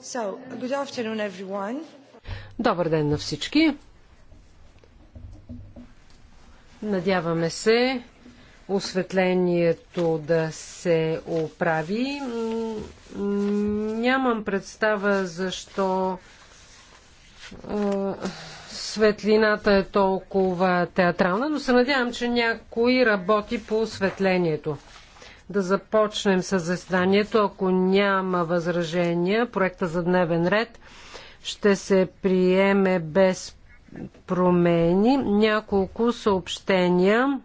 So, good afternoon, everyone. Добър ден на всички. Надяваме се осветлението да се оправи. Нямам представа защо светлината е толкова театрална, но се надявам, че някой работи по осветлението да започнем с заседанието. Ако няма възражения, проекта за дневен ред ще се приеме без промени. Няколко съобщения.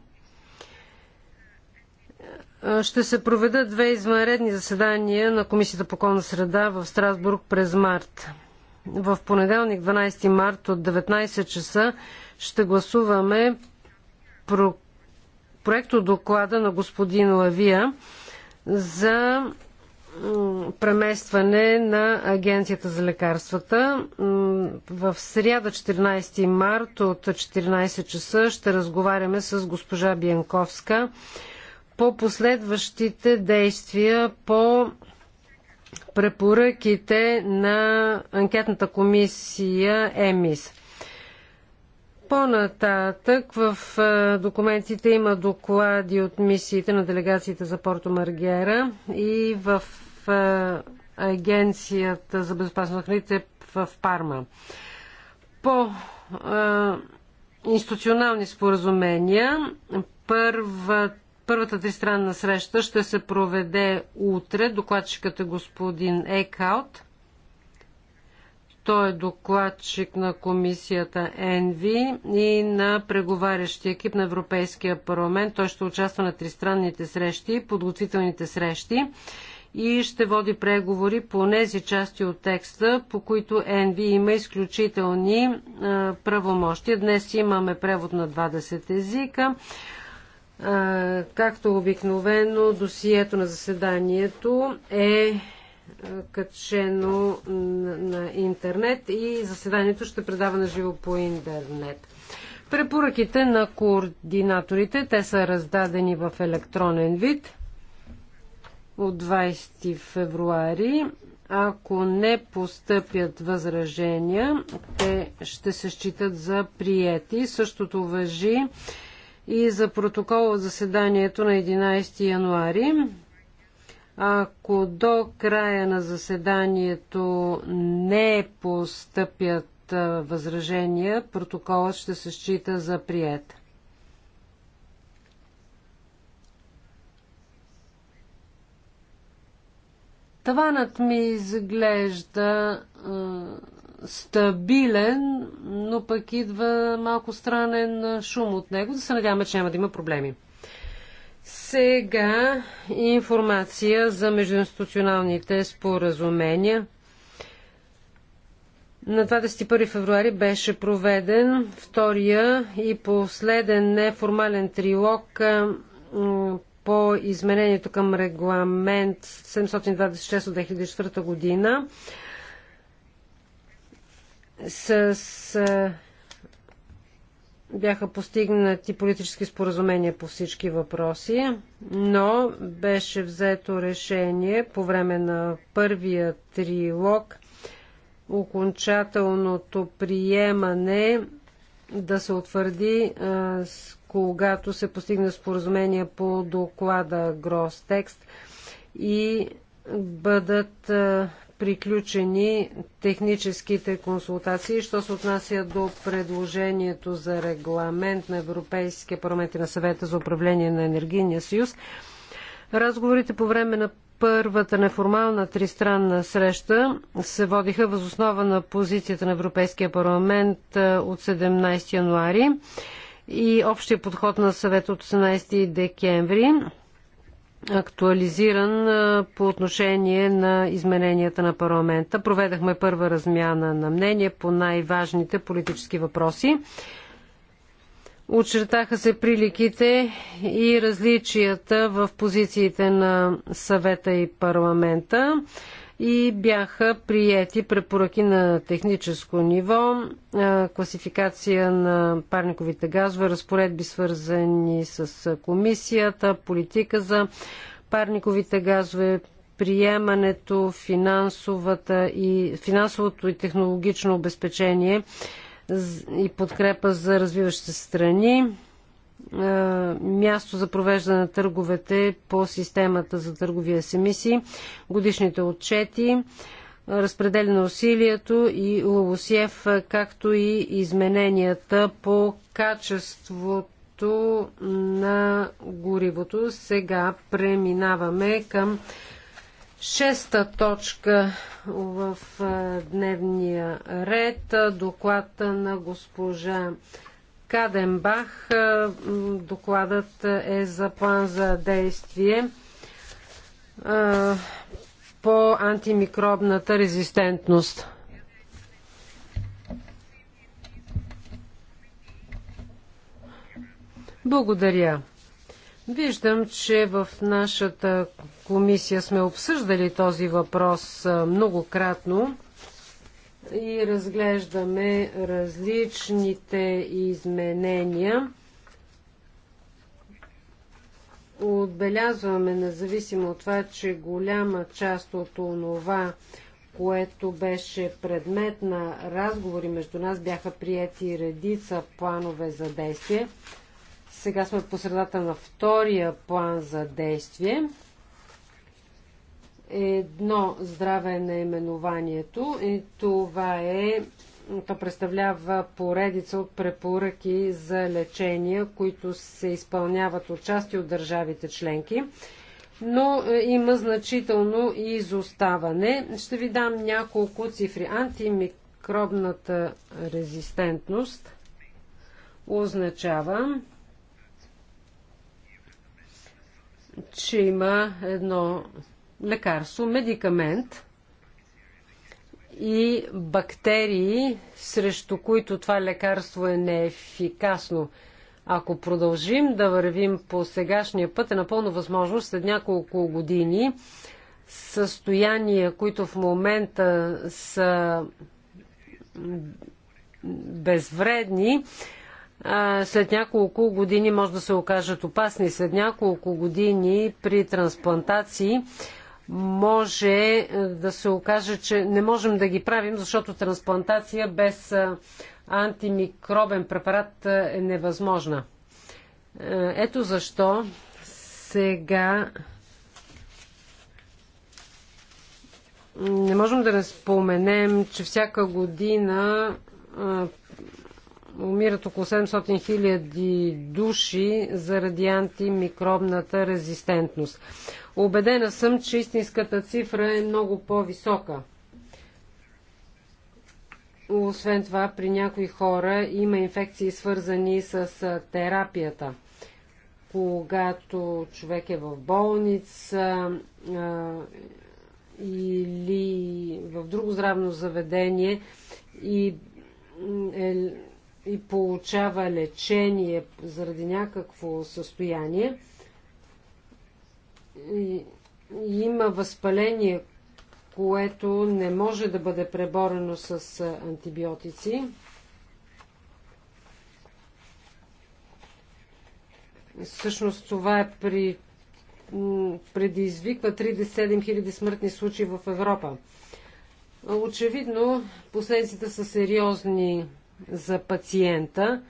Ще се проведат две извънредни заседания на Комисията по околна среда в Страсбург през март. В понеделник 12 март от 19 часа ще гласуваме проектодоклада доклада на господин Лавия за преместване на Агенцията за лекарствата. В сряда 14 март от 14 часа ще разговаряме с госпожа Бянковска по последващите действия по препоръките на анкетната комисия ЕМИС. По-нататък в документите има доклади от мисиите на делегацията за Порто Маргера и в Агенцията за безопасност на храните в Парма. По институционални споразумения първата Първата тристранна среща ще се проведе утре. Докладчикът е господин Екаут. Той е докладчик на комисията ЕНВИ и на преговарящия екип на Европейския парламент. Той ще участва на тристранните срещи, подготвителните срещи и ще води преговори по тези части от текста, по които ЕНВИ има изключителни правомощия. правомощи. Днес имаме превод на 20 езика. както обикновено, досието на заседанието е е, качено на интернет и заседанието ще предава на живо по интернет. Препоръките на координаторите, те са раздадени в електронен вид от 20 февруари. Ако не постъпят възражения, те ще се считат за приети. Същото въжи и за протокол от заседанието на 11 януари. Ако до края на заседанието не постъпят възражения, протоколът ще се счита за прият. Таванът ми изглежда е, стабилен, но пък идва малко странен шум от него. Да се надяваме, че няма да има проблеми. Сега информация за междуинституционалните споразумения. На 21 февруари беше проведен втория и последен неформален трилог по изменението към регламент 726 от 2004 година с бяха постигнати политически споразумения по всички въпроси, но беше взето решение по време на първия трилог окончателното приемане да се утвърди, когато се постигне споразумение по доклада Грос текст и бъдат приключени техническите консултации. Що се отнася до предложението за регламент на Европейския парламент и на съвета за управление на енергийния съюз, разговорите по време на първата неформална тристранна среща се водиха възоснова на позицията на Европейския парламент е, от 17 януари и общия подход на съвет от 18 декември актуализиран по отношение на измененията на парламента. Проведахме първа размяна на мнение по най-важните политически въпроси. Очертаха се приликите и различията в позициите на съвета и парламента и бяха приети препоръки на техническо ниво, класификация на парниковите газове, разпоредби свързани с комисията, политика за парниковите газове, приемането, финансовата и, финансовото и технологично обезпечение и подкрепа за развиващите страни. Е, място за провеждане на търговете по системата за търговия с емисии, годишните отчети, разпределя на усилието и Ловосиев, както и измененията по качеството на горивото. Сега преминаваме към шеста точка в е, дневния ред. Доклад на госпожа Каденбах. Докладът е за план за действие по антимикробната резистентност. Благодаря. Виждам, че в нашата комисия сме обсъждали този въпрос многократно и разглеждаме различните изменения. Отбелязваме, независимо от това, че голяма част от онова, което беше предмет на разговори между нас, бяха прияти редица планове за действие. Сега сме посредата на втория план за действие едно здраве наименованието и това е то представлява поредица от препоръки за лечения, които се изпълняват от части от държавите членки, но е, има значително изоставане. Ще ви дам няколко цифри. Антимикробната резистентност означава, че има едно лекарство, медикамент и бактерии, срещу които това лекарство е неефикасно. Ако продължим да вървим по сегашния път, е напълно възможно след няколко години състояния, които в момента са безвредни, след няколко години може да се окажат опасни. След няколко години при трансплантации може е, да се окаже, че не можем да ги правим, защото трансплантация без е, антимикробен препарат е, е невъзможна. Ето защо сега не можем да не споменем, че всяка година умират около 700 хиляди души заради антимикробната резистентност. Обедена съм, че истинската цифра е много по-висока. Освен това, при някои хора има инфекции свързани с терапията. Когато човек е в болница или в друго здравно заведение и е, и получава лечение заради някакво състояние и, има възпаление, което не може да бъде преборено с антибиотици, всъщност това е при, предизвиква 37 000 смъртни случаи в Европа. Очевидно, последиците са сериозни за пациента,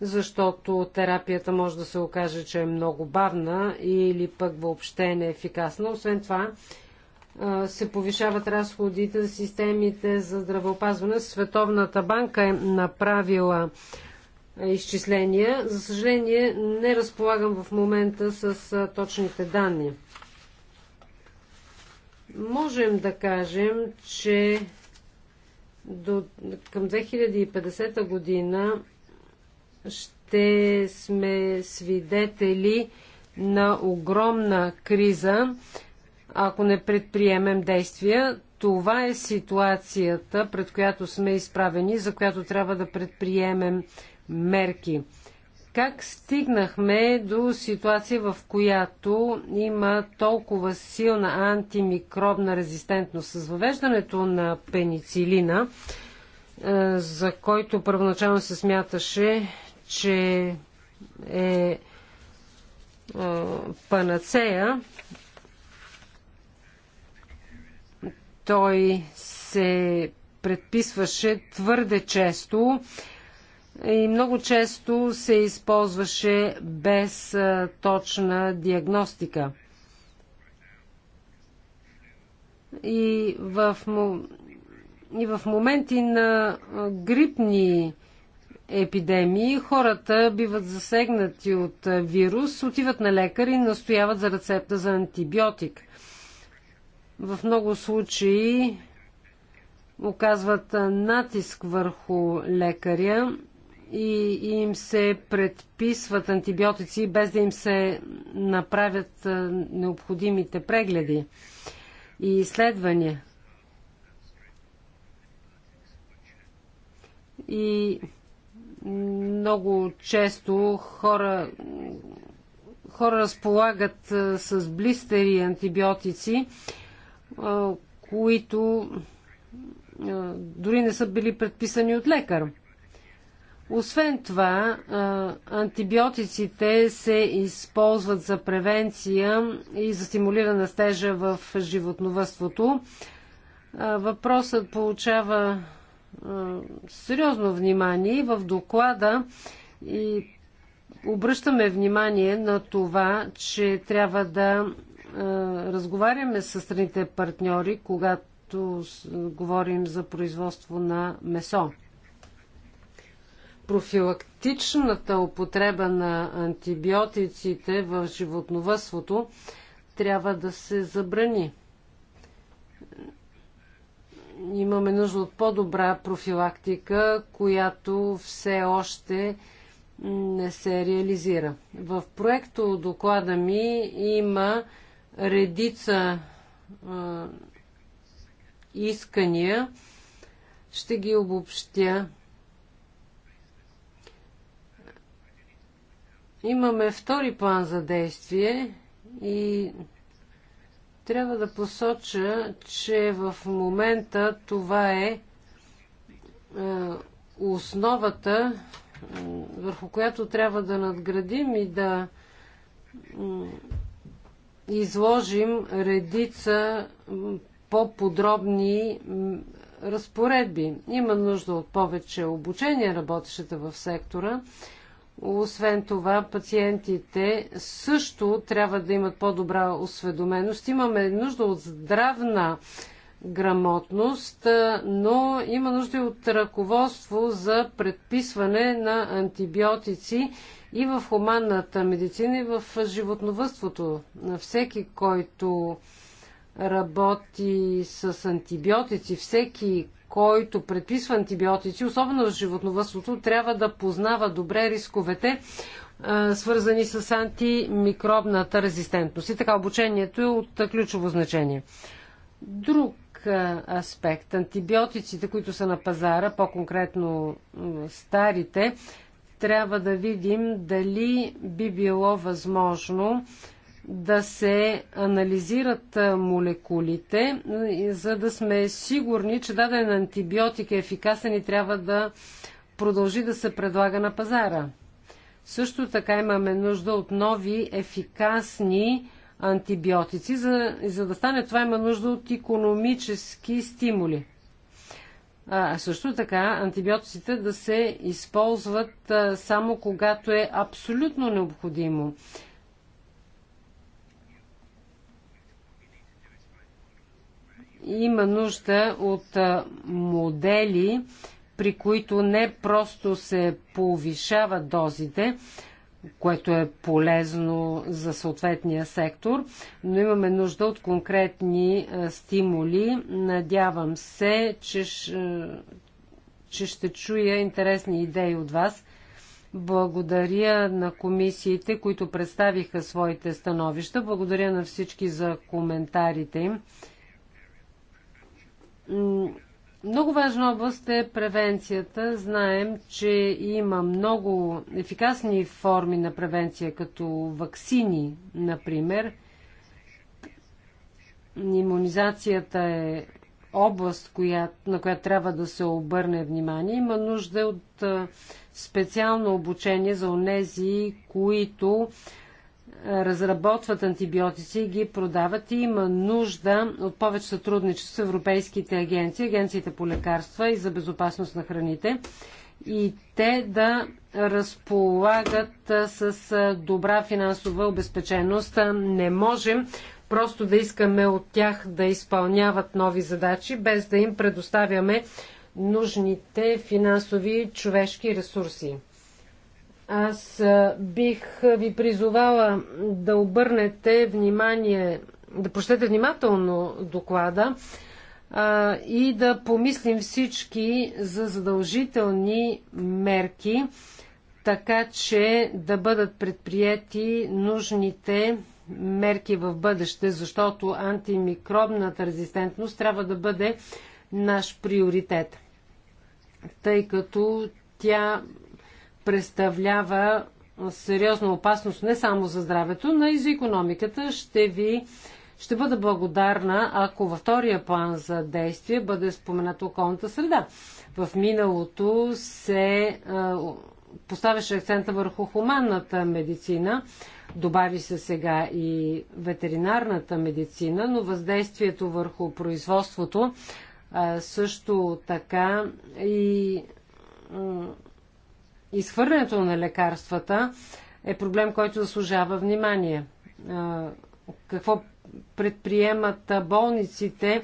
защото терапията може да се окаже, че е много бавна или пък въобще не е ефикасна. Освен това, се повишават разходите за системите за здравеопазване. Световната банка е направила изчисления. За съжаление, не разполагам в момента с точните данни. Можем да кажем, че до, към 2050 година ще сме свидетели на огромна криза, ако не предприемем действия. Това е ситуацията, пред която сме изправени, за която трябва да предприемем мерки. Как стигнахме до ситуация, в която има толкова силна антимикробна резистентност? С въвеждането на пеницилина, е, за който първоначално се смяташе, че е, е панацея, той се предписваше твърде често и много често се използваше без точна диагностика. И в, и в моменти на грипни епидемии хората биват засегнати от вирус, отиват на лекар и настояват за рецепта за антибиотик. В много случаи оказват натиск върху лекаря и им се предписват антибиотици без да им се направят необходимите прегледи и изследвания. И много често хора, хора разполагат с блистери антибиотици, които дори не са били предписани от лекар. Освен това, антибиотиците се използват за превенция и за стимулиране на стежа в животновътството. Въпросът получава сериозно внимание в доклада и обръщаме внимание на това, че трябва да разговаряме с страните партньори, когато говорим за производство на месо профилактичната употреба на антибиотиците в животновъдството трябва да се забрани. Имаме нужда от по-добра профилактика, която все още не се реализира. В проекто доклада ми има редица искания. Ще ги обобщя. Имаме втори план за действие и трябва да посоча, че в момента това е, е основата, върху която трябва да надградим и да изложим редица по-подробни разпоредби. Има нужда от повече обучение работещата в сектора освен това, пациентите също трябва да имат по-добра осведоменост. Имаме нужда от здравна грамотност, но има нужда и от ръководство за предписване на антибиотици и в хуманната медицина, и в животновътството. Всеки, който работи с антибиотици, всеки, който предписва антибиотици, особено в животновътството, трябва да познава добре рисковете, свързани с антимикробната резистентност. И така обучението е от ключово значение. Друг аспект. Антибиотиците, които са на пазара, по-конкретно старите, трябва да видим дали би било възможно да се анализират молекулите, за да сме сигурни, че даден антибиотик е ефикасен и трябва да продължи да се предлага на пазара. Също така имаме нужда от нови ефикасни антибиотици. За, за да стане това има нужда от економически стимули. А, също така антибиотиците да се използват а, само когато е абсолютно необходимо. има нужда от модели, при които не просто се повишават дозите, което е полезно за съответния сектор, но имаме нужда от конкретни стимули. Надявам се, че, че ще чуя интересни идеи от вас. Благодаря на комисиите, които представиха своите становища. Благодаря на всички за коментарите им. Много важна област е превенцията. Знаем, че има много ефикасни форми на превенция, като ваксини, например. Имунизацията е област, на която трябва да се обърне внимание. Има нужда от специално обучение за онези, които разработват антибиотици и ги продават и има нужда от повече сътрудничество с европейските агенции, агенциите по лекарства и за безопасност на храните и те да разполагат с добра финансова обезпеченост. Не можем просто да искаме от тях да изпълняват нови задачи, без да им предоставяме нужните финансови човешки ресурси. Аз бих ви призовала да обърнете внимание, да прочетете внимателно доклада а, и да помислим всички за задължителни мерки, така че да бъдат предприяти нужните мерки в бъдеще, защото антимикробната резистентност трябва да бъде наш приоритет, тъй като тя представлява сериозна опасност не само за здравето, но и за економиката. Ще ви ще бъда благодарна, ако във втория план за действие бъде спомената околната среда. В миналото се а, поставяше акцента върху хуманната медицина, добави се сега и ветеринарната медицина, но въздействието върху производството а, също така и изхвърлянето на лекарствата е проблем, който заслужава внимание. Какво предприемат болниците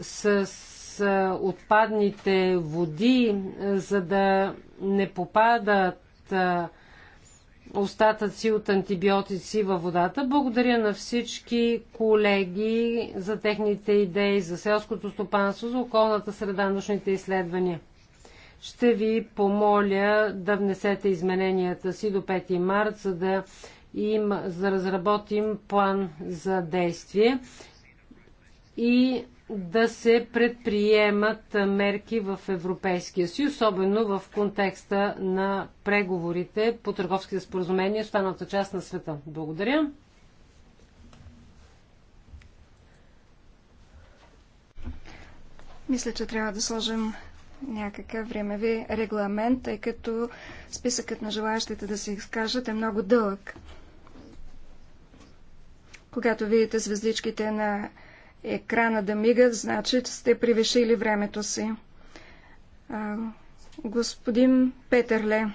с отпадните води, за да не попадат остатъци от антибиотици във водата. Благодаря на всички колеги за техните идеи за селското стопанство, за околната среда, научните изследвания. Ще ви помоля да внесете измененията си до 5 март, за да, им, за да разработим план за действие и да се предприемат мерки в Европейския съюз, особено в контекста на преговорите по търговските споразумения с останалата част на света. Благодаря. Мисля, че трябва да сложим някакъв времеви регламент, тъй като списъкът на желаящите да се изкажат е много дълъг. Когато видите звездичките на екрана да мигат, значи сте превишили времето си. господин Петърле,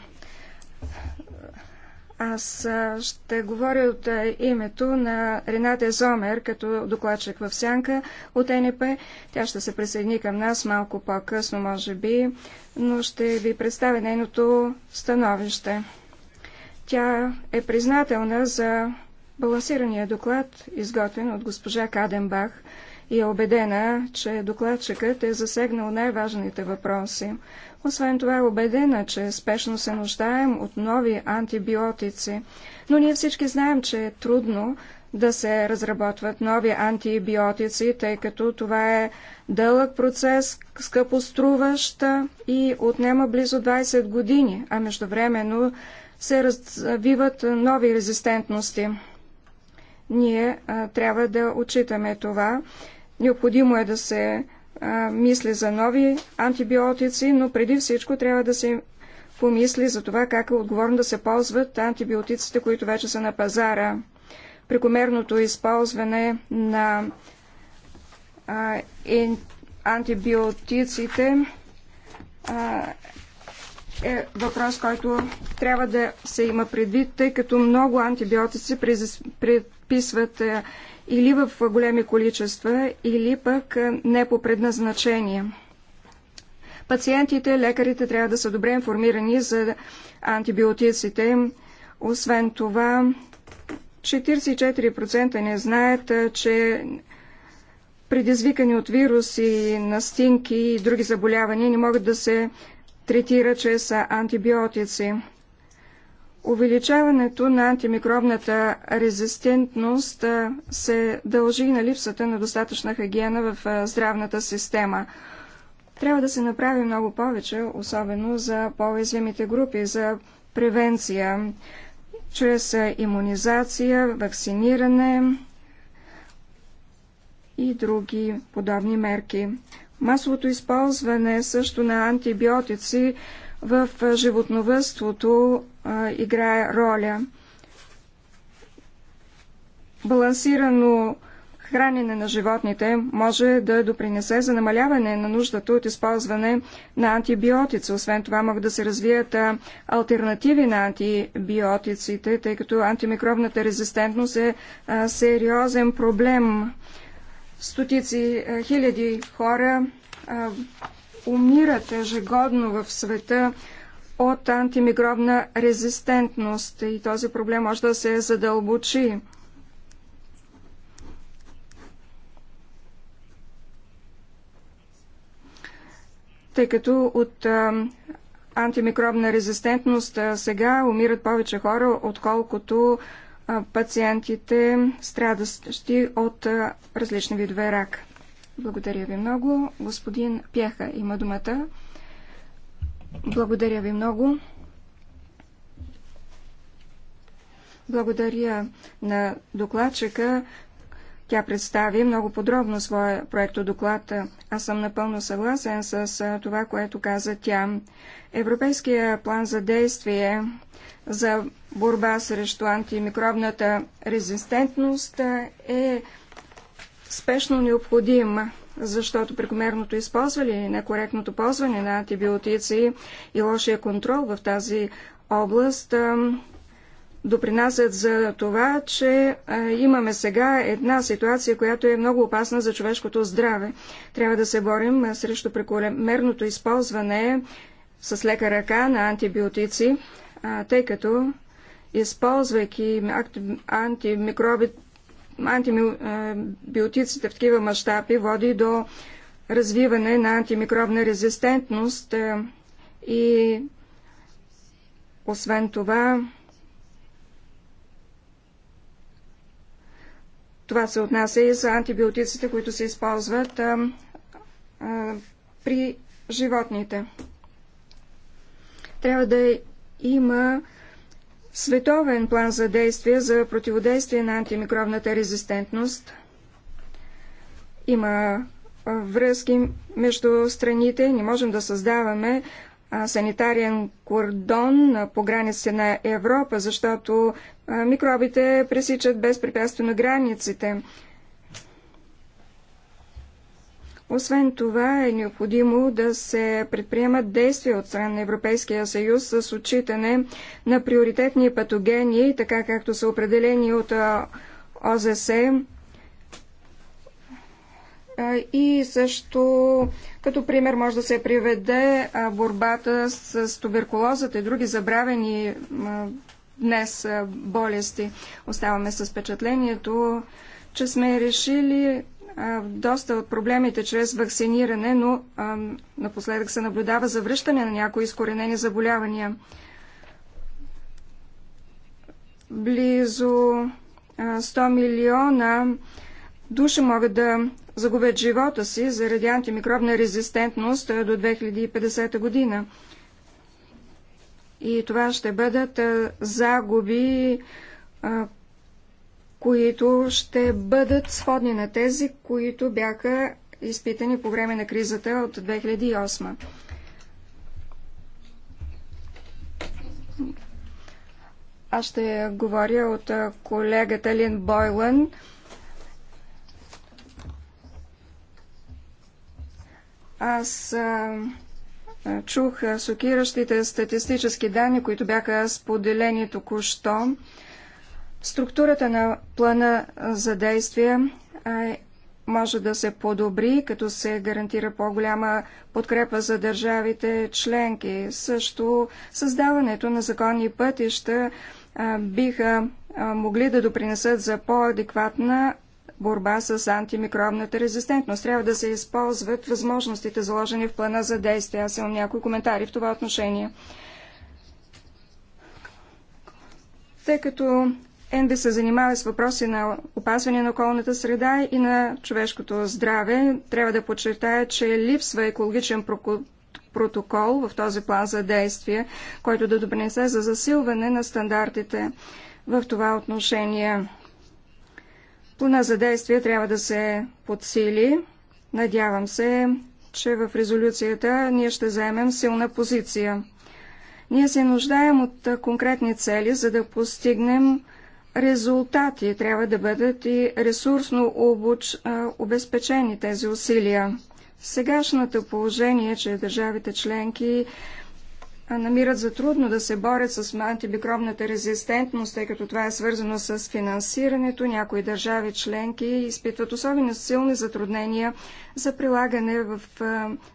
аз ще говоря от името на Рената Зомер, като докладчик в Сянка от НП. Тя ще се присъедини към нас малко по-късно, може би, но ще ви представя нейното становище. Тя е признателна за балансирания доклад, изготвен от госпожа Каденбах, и е убедена, че докладчикът е засегнал най-важните въпроси. Освен това е убедена, че спешно се нуждаем от нови антибиотици. Но ние всички знаем, че е трудно да се разработват нови антибиотици, тъй като това е дълъг процес, скъпо струващ и отнема близо 20 години, а междувременно се развиват нови резистентности. Ние а, трябва да отчитаме това Необходимо е да се а, мисли за нови антибиотици, но преди всичко трябва да се помисли за това как е отговорно да се ползват антибиотиците, които вече са на пазара. Прекомерното използване на а, и антибиотиците а, е въпрос, който трябва да се има предвид, тъй като много антибиотици предписват е, или в големи количества, или пък не по предназначение. Пациентите, лекарите трябва да са добре информирани за антибиотиците. Освен това, 44% не знаят, че предизвикани от вируси, настинки и други заболявания не могат да се третира чрез антибиотици. Увеличаването на антимикробната резистентност се дължи на липсата на достатъчна хигиена в здравната система. Трябва да се направи много повече, особено за по-уязвимите групи, за превенция, чрез иммунизация, вакциниране и други подобни мерки. Масовото използване също на антибиотици в животновътството играе роля. Балансирано хранене на животните може да допринесе за намаляване на нуждата от използване на антибиотици. Освен това могат да се развият альтернативи на антибиотиците, тъй като антимикробната резистентност е сериозен проблем. Стотици хиляди хора умират ежегодно в света от антимикробна резистентност и този проблем може да се задълбочи. Тъй като от антимикробна резистентност сега умират повече хора, отколкото пациентите, страдащи от различни видове рак. Благодаря ви много. Господин Пяха има думата. Благодаря ви много. Благодаря на докладчика. Тя представи много подробно своя проектодоклад. Аз съм напълно съгласен с това, което каза тя. Европейския план за действие за борба срещу антимикробната резистентност е спешно необходим, защото прекомерното използване, некоректното ползване на антибиотици и лошия контрол в тази област допринасят за това, че имаме сега една ситуация, която е много опасна за човешкото здраве. Трябва да се борим срещу прекомерното използване с лека ръка на антибиотици, тъй като използвайки антимикробите, антибиотиците е, в такива мащаби води до развиване на антимикробна резистентност е, и освен това това се отнася и за антибиотиците, които се използват е, при животните. Трябва да има световен план за действие за противодействие на антимикробната резистентност. Има връзки между страните. Не можем да създаваме санитарен кордон по границите на Европа, защото микробите пресичат безпрепятствено границите. Освен това е необходимо да се предприемат действия от страна на Европейския съюз с отчитане на приоритетни патогени, така както са определени от ОЗС и също като пример може да се приведе борбата с туберкулозата и други забравени днес болести. Оставаме с впечатлението, че сме решили доста от проблемите чрез вакциниране, но напоследък се наблюдава завръщане на някои изкоренени заболявания. Близо 100 милиона души могат да загубят живота си заради антимикробна резистентност до 2050 година. И това ще бъдат загуби, които ще бъдат сходни на тези, които бяха изпитани по време на кризата от 2008. Аз ще говоря от колегата Лин Бойлън. Аз а, чух шокиращите статистически данни, които бяха споделени току-що. Структурата на плана за действие може да се подобри, като се гарантира по-голяма подкрепа за държавите членки. Също създаването на законни пътища биха могли да допринесат за по-адекватна борба с антимикробната резистентност. Трябва да се използват възможностите, заложени в плана за действие. Аз имам някои коментари в това отношение. Тъй като ЕНДИ се занимава с въпроси на опазване на околната среда и на човешкото здраве. Трябва да подчертая, че липсва екологичен протокол в този план за действие, който да допринесе за засилване на стандартите в това отношение. Плана за действие трябва да се подсили. Надявам се, че в резолюцията ние ще заемем силна позиция. Ние се нуждаем от конкретни цели, за да постигнем резултати, трябва да бъдат и ресурсно обуч, обезпечени тези усилия. Сегашното положение, е, че държавите членки намират за трудно да се борят с антибикробната резистентност, тъй като това е свързано с финансирането. Някои държави членки изпитват особено силни затруднения за прилагане в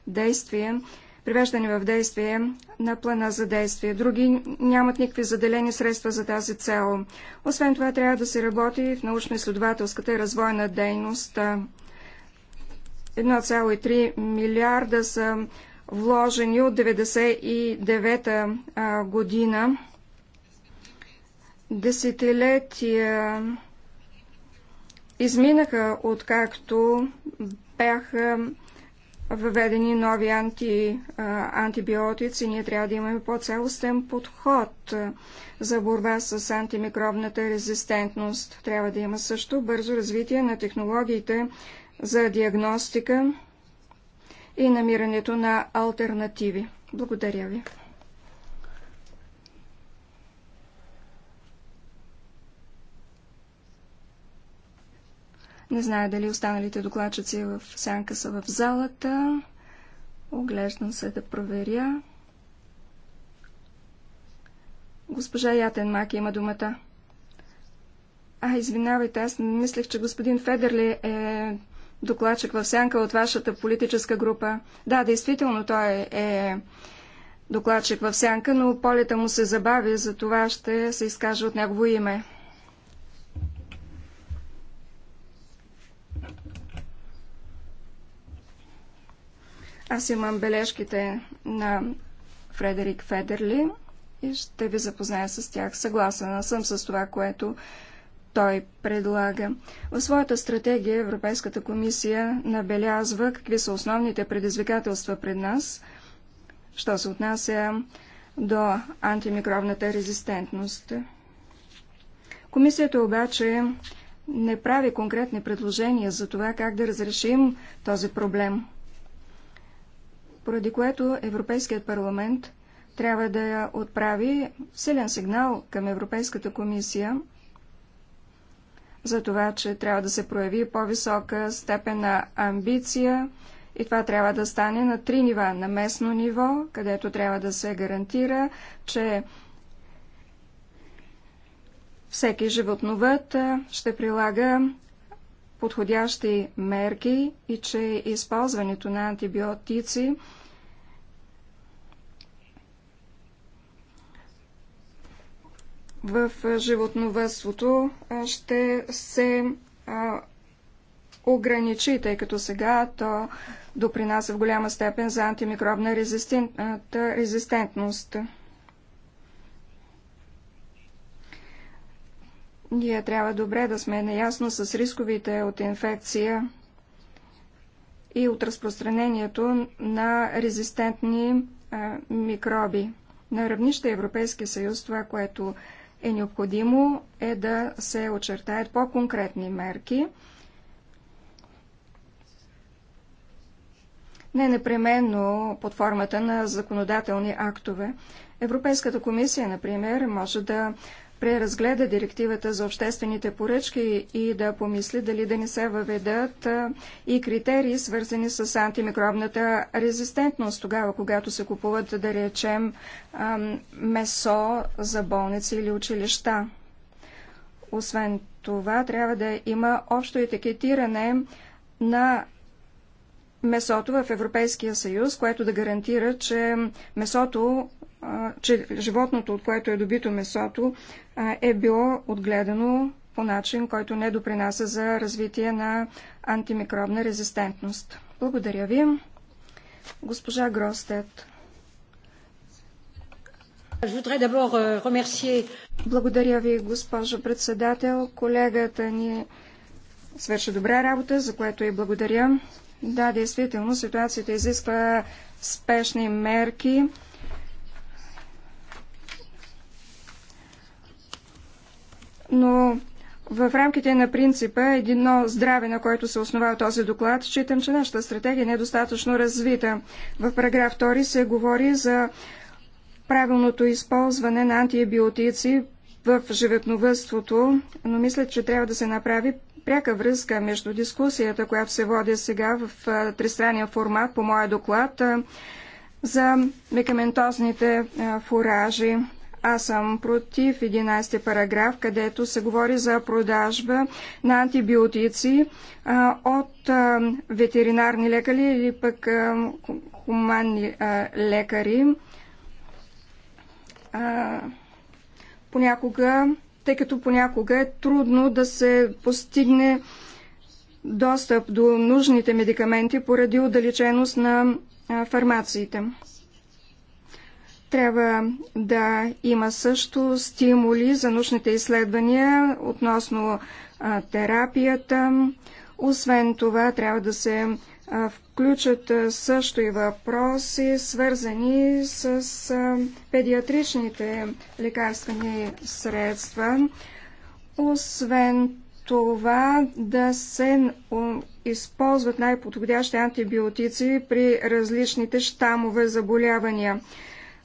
действие привеждане в действие на плана за действие. Други нямат никакви заделени средства за тази цел. Освен това, трябва да се работи в научно-изследователската и развойна дейност. 1,3 милиарда са вложени от 1999 година. Десетилетия изминаха, откакто бяха въведени нови анти, антибиотици, ние трябва да имаме по-целостен подход за борба с антимикробната резистентност. Трябва да има също бързо развитие на технологиите за диагностика и намирането на альтернативи. Благодаря ви. Не знае дали останалите докладчици в сянка са в залата. Оглеждам се да проверя. Госпожа Ятен има думата. А, извинявайте, аз мислех, че господин Федерли е докладчик в сянка от вашата политическа група. Да, действително той е докладчик в сянка, но полета му се забави, за това ще се изкаже от негово име. Аз имам бележките на Фредерик Федерли и ще ви запозная с тях. Съгласена съм с това, което той предлага. В своята стратегия Европейската комисия набелязва какви са основните предизвикателства пред нас, що се отнася до антимикробната резистентност. Комисията обаче не прави конкретни предложения за това как да разрешим този проблем – поради което Европейският парламент трябва да отправи силен сигнал към Европейската комисия за това, че трябва да се прояви по-висока степен на амбиция и това трябва да стане на три нива. На местно ниво, където трябва да се гарантира, че всеки животновът ще прилага подходящи мерки и че използването на антибиотици в животновътството ще се ограничи, тъй като сега то допринася в голяма степен за антимикробна резистентност. Ние трябва добре да сме наясно с рисковите от инфекция и от разпространението на резистентни микроби. На равнище Европейския съюз това, което е необходимо е да се очертаят по-конкретни мерки. Не непременно под формата на законодателни актове. Европейската комисия, например, може да преразгледа директивата за обществените поръчки и да помисли дали да не се въведат и критерии, свързани с антимикробната резистентност, тогава когато се купуват, да речем, месо за болници или училища. Освен това, трябва да има общо етикетиране на месото в Европейския съюз, което да гарантира, че месото, че животното, от което е добито месото, е било отгледано по начин, който не допринася за развитие на антимикробна резистентност. Благодаря ви. Госпожа Гростет. Euh, благодаря ви, госпожо председател. Колегата ни свърши добра работа, за което и благодаря. Да, действително, ситуацията изисква спешни мерки. но в рамките на принципа едно здраве, на който се основава този доклад, считам, че нашата стратегия не е достатъчно развита. В параграф 2 се говори за правилното използване на антибиотици в животновътството, но мисля, че трябва да се направи пряка връзка между дискусията, която се води сега в тристранния формат по моя доклад за мекаментозните фуражи. Аз съм против 11 параграф, където се говори за продажба на антибиотици а, от а, ветеринарни лекари или пък а, хуманни а, лекари. А, понякога, тъй като понякога е трудно да се постигне достъп до нужните медикаменти поради отдалеченост на а, фармациите. Трябва да има също стимули за научните изследвания относно терапията. Освен това, трябва да се включат също и въпроси, свързани с педиатричните лекарствени средства. Освен това да се използват най-подходящи антибиотици при различните щамове заболявания.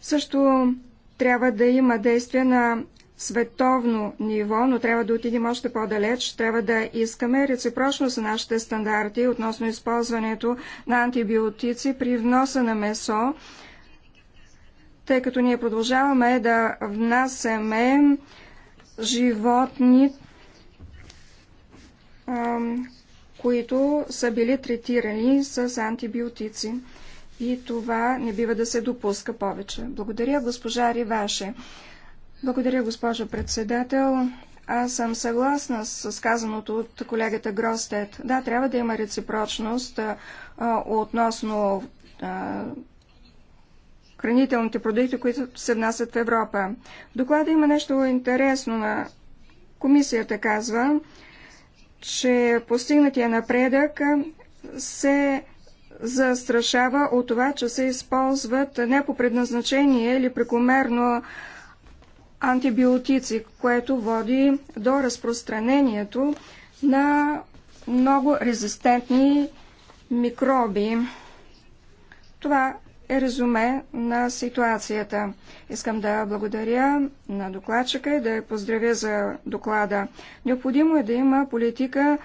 Също трябва да има действия на световно ниво, но трябва да отидем още по-далеч. Трябва да искаме реципрочно за нашите стандарти относно използването на антибиотици при вноса на месо, тъй като ние продължаваме да внасяме животни, които са били третирани с антибиотици и това не бива да се допуска повече. Благодаря, госпожа Риваше. Благодаря, госпожо председател. Аз съм съгласна с казаното от колегата Гростет. Да, трябва да има реципрочност а, относно а, хранителните продукти, които се внасят в Европа. В доклада има нещо интересно. На комисията казва, че постигнатия напредък се застрашава от това, че се използват не по предназначение или прекомерно антибиотици, което води до разпространението на много резистентни микроби. Това е резюме на ситуацията. Искам да благодаря на докладчика и да я поздравя за доклада. Необходимо е да има политика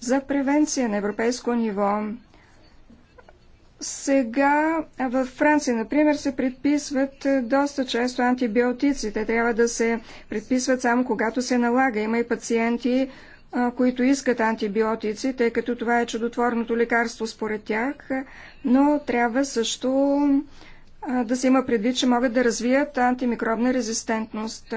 за превенция на европейско ниво. Сега в Франция, например, се предписват е, доста често антибиотици. Те трябва да се предписват само когато се налага. Има и пациенти, е, които искат антибиотици, тъй като това е чудотворното лекарство според тях, е, но трябва също да се има предвид, че могат да развият антимикробна резистентност.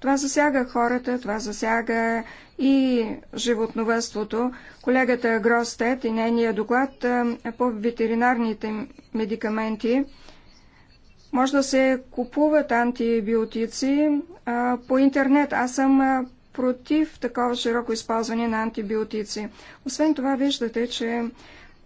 Това засяга хората, това засяга и животновътството. Колегата Гростет и нейния доклад е по ветеринарните медикаменти може да се купуват антибиотици а, по интернет. Аз съм а, против такова широко използване на антибиотици. Освен това, виждате, че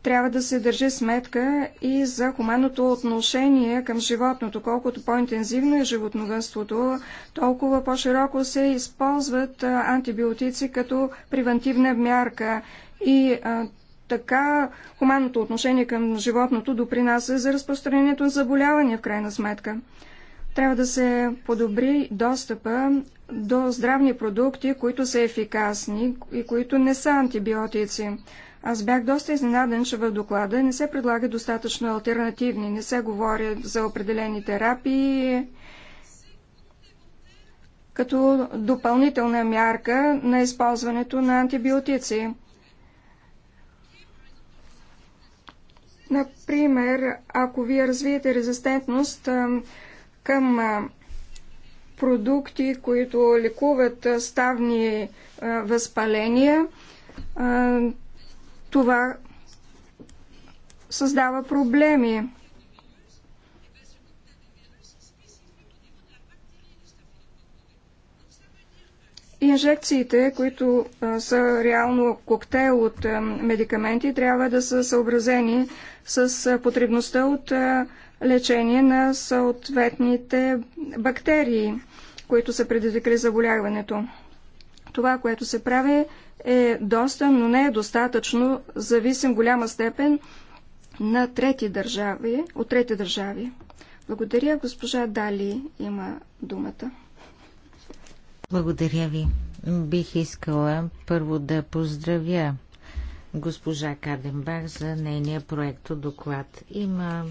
трябва да се държи сметка и за хуманното отношение към животното. Колкото по-интензивно е животновътството, толкова по-широко се използват антибиотици като превентивна мярка. И а, така хуманното отношение към животното допринася за разпространението на заболявания в крайна сметка. Трябва да се подобри достъпа до здравни продукти, които са ефикасни и които не са антибиотици. Аз бях доста изненадан, че в доклада не се предлага достатъчно альтернативни, не се говори за определени терапии като допълнителна мярка на използването на антибиотици. Например, ако вие развиете резистентност към продукти, които лекуват ставни възпаления, това създава проблеми. Инжекциите, които са реално коктейл от медикаменти, трябва да са съобразени с потребността от лечение на съответните бактерии, които са предизвикали заболяването. Това, което се прави, е доста, но не е достатъчно, зависим голяма степен на трети държави, от трети държави. Благодаря, госпожа Дали има думата. Благодаря ви. Бих искала първо да поздравя госпожа Каденбах за нейния проекто доклад. Има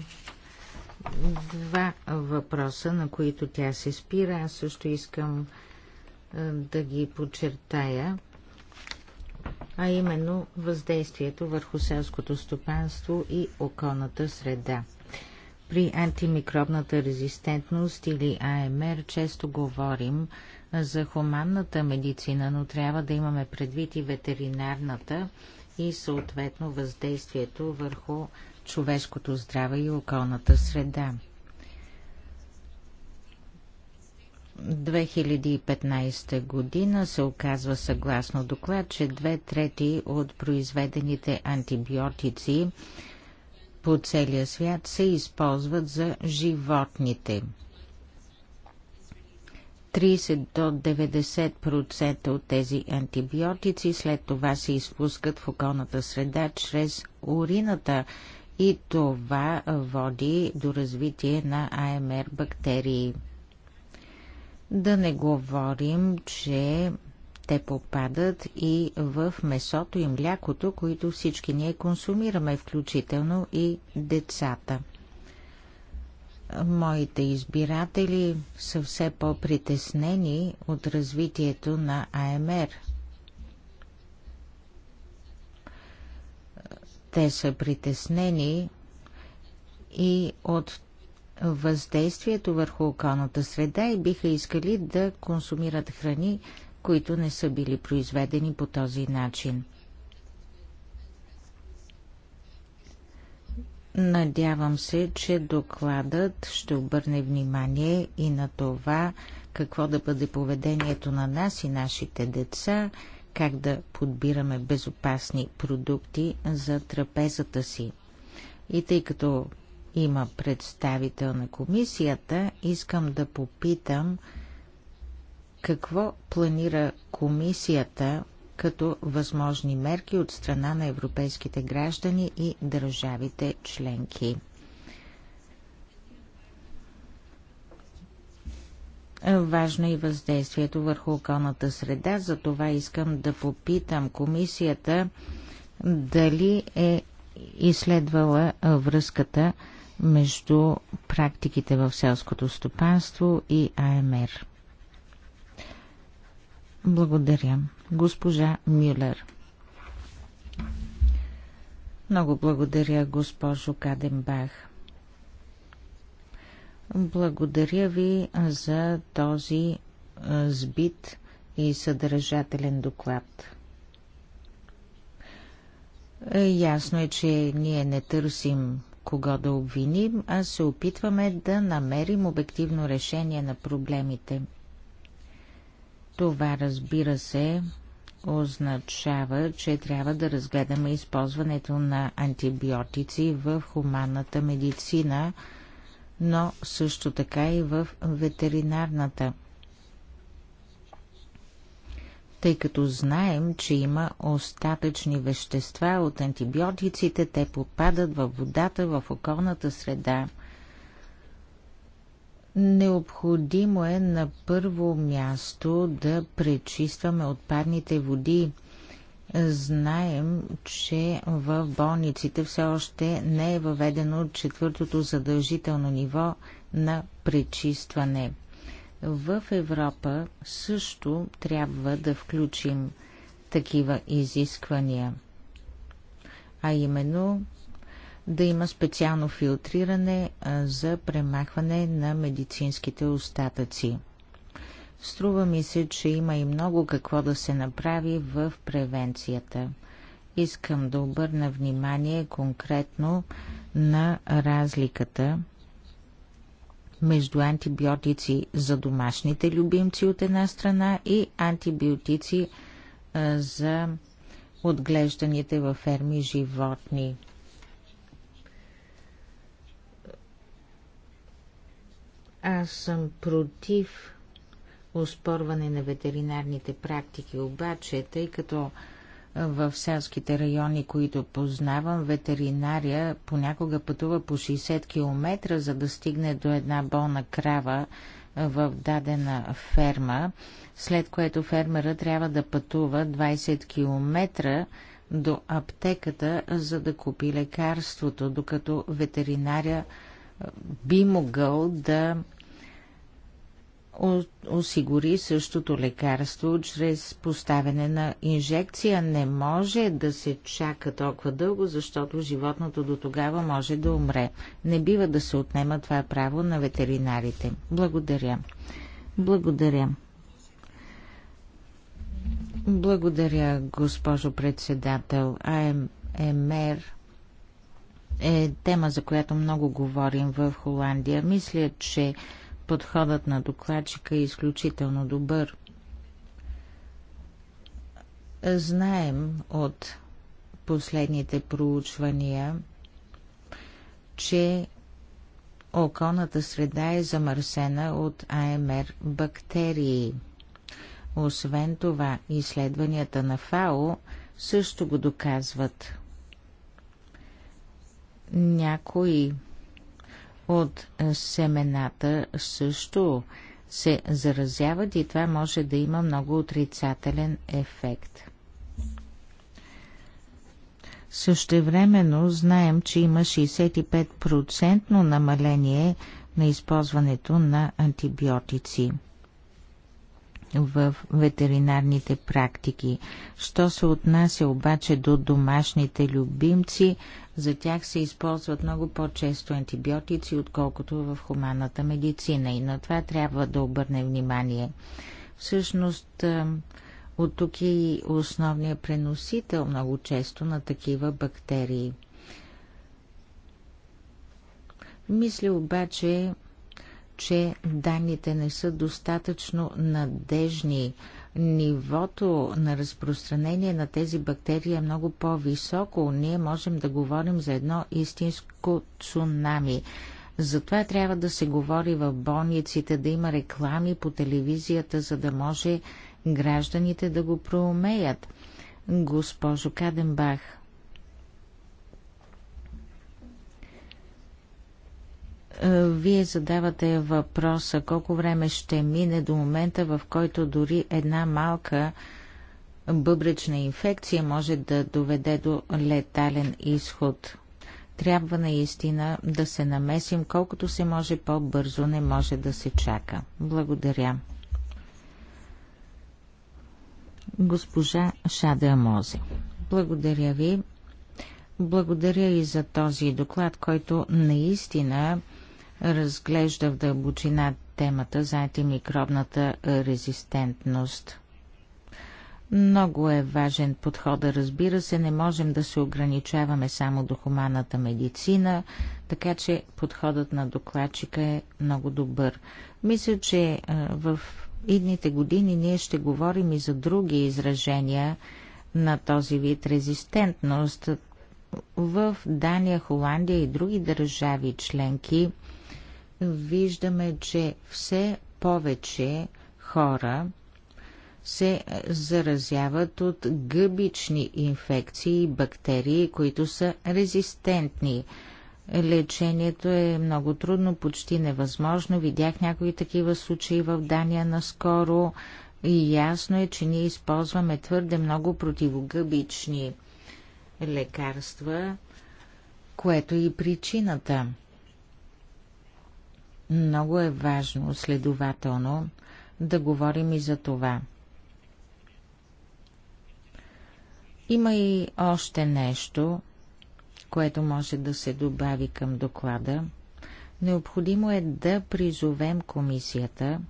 два въпроса, на които тя се спира. Аз също искам да ги подчертая а именно въздействието върху селското стопанство и околната среда. При антимикробната резистентност или АМР често говорим за хуманната медицина, но трябва да имаме предвид и ветеринарната и съответно въздействието върху човешкото здраве и околната среда. 2015 година се оказва съгласно доклад, че две трети от произведените антибиотици по целия свят се използват за животните. 30 до 90% от тези антибиотици след това се изпускат в околната среда чрез урината и това води до развитие на АМР бактерии. Да не говорим, че те попадат и в месото и млякото, които всички ние консумираме, включително и децата. Моите избиратели са все по-притеснени от развитието на АМР. Те са притеснени и от въздействието върху околната среда и биха искали да консумират храни, които не са били произведени по този начин. Надявам се, че докладът ще обърне внимание и на това, какво да бъде поведението на нас и нашите деца, как да подбираме безопасни продукти за трапезата си. И тъй като има представител на комисията, искам да попитам какво планира комисията като възможни мерки от страна на европейските граждани и държавите членки. Важно е и въздействието върху околната среда, за това искам да попитам комисията дали е изследвала връзката между практиките в селското стопанство и АМР. Благодаря. Госпожа Мюлер. Много благодаря, госпожо Каденбах. Благодаря ви за този сбит и съдържателен доклад. Е, ясно е, че ние не търсим кого да обвиним, а се опитваме да намерим обективно решение на проблемите. Това, разбира се, означава, че трябва да разгледаме използването на антибиотици в хуманната медицина, но също така и в ветеринарната тъй като знаем, че има остатъчни вещества от антибиотиците, те попадат във водата, в околната среда. Необходимо е на първо място да пречистваме отпадните води. Знаем, че в болниците все още не е въведено четвъртото задължително ниво на пречистване. В Европа също трябва да включим такива изисквания, а именно да има специално филтриране за премахване на медицинските остатъци. Струва ми се, че има и много какво да се направи в превенцията. Искам да обърна внимание конкретно на разликата между антибиотици за домашните любимци от една страна и антибиотици за отглежданите във ферми животни. Аз съм против оспорване на ветеринарните практики, обаче, тъй като в селските райони, които познавам, ветеринария понякога пътува по 60 км, за да стигне до една болна крава в дадена ферма, след което фермера трябва да пътува 20 км до аптеката, за да купи лекарството, докато ветеринаря би могъл да осигури същото лекарство чрез поставяне на инжекция. Не може да се чака толкова дълго, защото животното до тогава може да умре. Не бива да се отнема това право на ветеринарите. Благодаря. Благодаря. Благодаря, госпожо председател. АМР е тема, за която много говорим в Холандия. Мисля, че Подходът на докладчика е изключително добър. Знаем от последните проучвания, че околната среда е замърсена от АМР бактерии. Освен това, изследванията на ФАО също го доказват. Някои от семената също се заразяват и това може да има много отрицателен ефект. Същевременно знаем, че има 65% намаление на използването на антибиотици в ветеринарните практики. Що се отнася обаче до домашните любимци, за тях се използват много по-често антибиотици, отколкото в хуманната медицина и на това трябва да обърнем внимание. Всъщност, от тук е и основният преносител много често на такива бактерии. Мисля обаче, че данните не са достатъчно надежни нивото на разпространение на тези бактерии е много по-високо. Ние можем да говорим за едно истинско цунами. Затова трябва да се говори в болниците, да има реклами по телевизията, за да може гражданите да го проумеят. Госпожо Каденбах, Е, вие задавате въпроса колко време ще мине до момента, в който дори една малка бъбречна инфекция може да доведе до летален изход. Трябва наистина да се намесим колкото се може по-бързо, не може да се чака. Благодаря. Госпожа Шада Амози. Благодаря ви. Благодаря и за този доклад, който наистина разглежда в дълбочина темата за антимикробната резистентност. Много е важен подход, разбира се, не можем да се ограничаваме само до хуманната медицина, така че подходът на докладчика е много добър. Мисля, че е, в идните години ние ще говорим и за други изражения на този вид резистентност. В Дания, Холандия и други държави членки виждаме, че все повече хора се заразяват от гъбични инфекции и бактерии, които са резистентни. Лечението е много трудно, почти невъзможно. Видях някои такива случаи в Дания наскоро. И ясно е, че ние използваме твърде много противогъбични лекарства, което е и причината много е важно, следователно, да говорим и за това. Има и още нещо, което може да се добави към доклада. Необходимо е да призовем комисията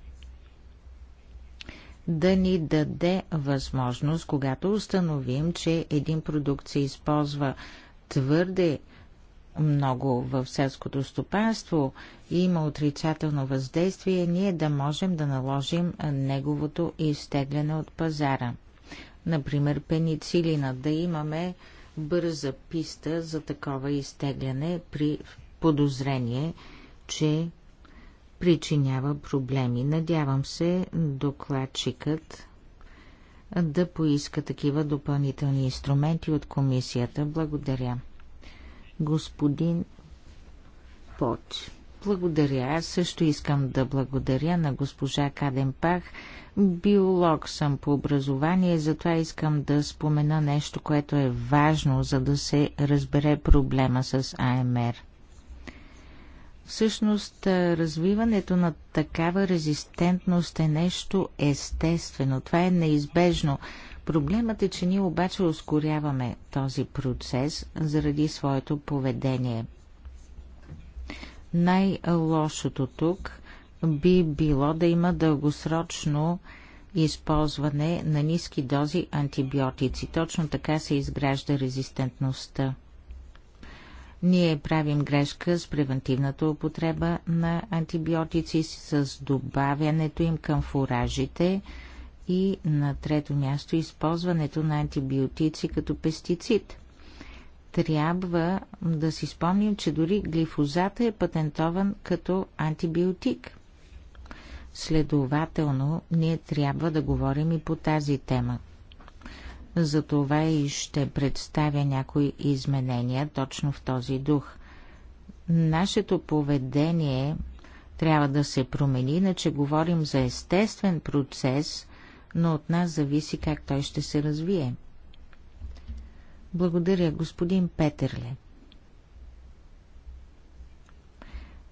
да ни даде възможност, когато установим, че един продукт се използва твърде много в селското стопанство и има отрицателно въздействие, ние да можем да наложим неговото изтегляне от пазара. Например, пеницилина, да имаме бърза писта за такова изтегляне при подозрение, че причинява проблеми. Надявам се докладчикът да поиска такива допълнителни инструменти от комисията. Благодаря господин Поч. Благодаря. Аз също искам да благодаря на госпожа Каденпах. Биолог съм по образование, затова искам да спомена нещо, което е важно, за да се разбере проблема с АМР. Всъщност, развиването на такава резистентност е нещо естествено. Това е неизбежно. Проблемът е, че ние обаче ускоряваме този процес заради своето поведение. Най-лошото тук би било да има дългосрочно използване на ниски дози антибиотици. Точно така се изгражда резистентността. Ние правим грешка с превентивната употреба на антибиотици, с добавянето им към фуражите – и на трето място използването на антибиотици като пестицид. Трябва да си спомним, че дори глифозата е патентован като антибиотик. Следователно, ние трябва да говорим и по тази тема. Затова и ще представя някои изменения точно в този дух. Нашето поведение трябва да се промени, иначе говорим за естествен процес, но от нас зависи как той ще се развие. Благодаря, господин Петерле.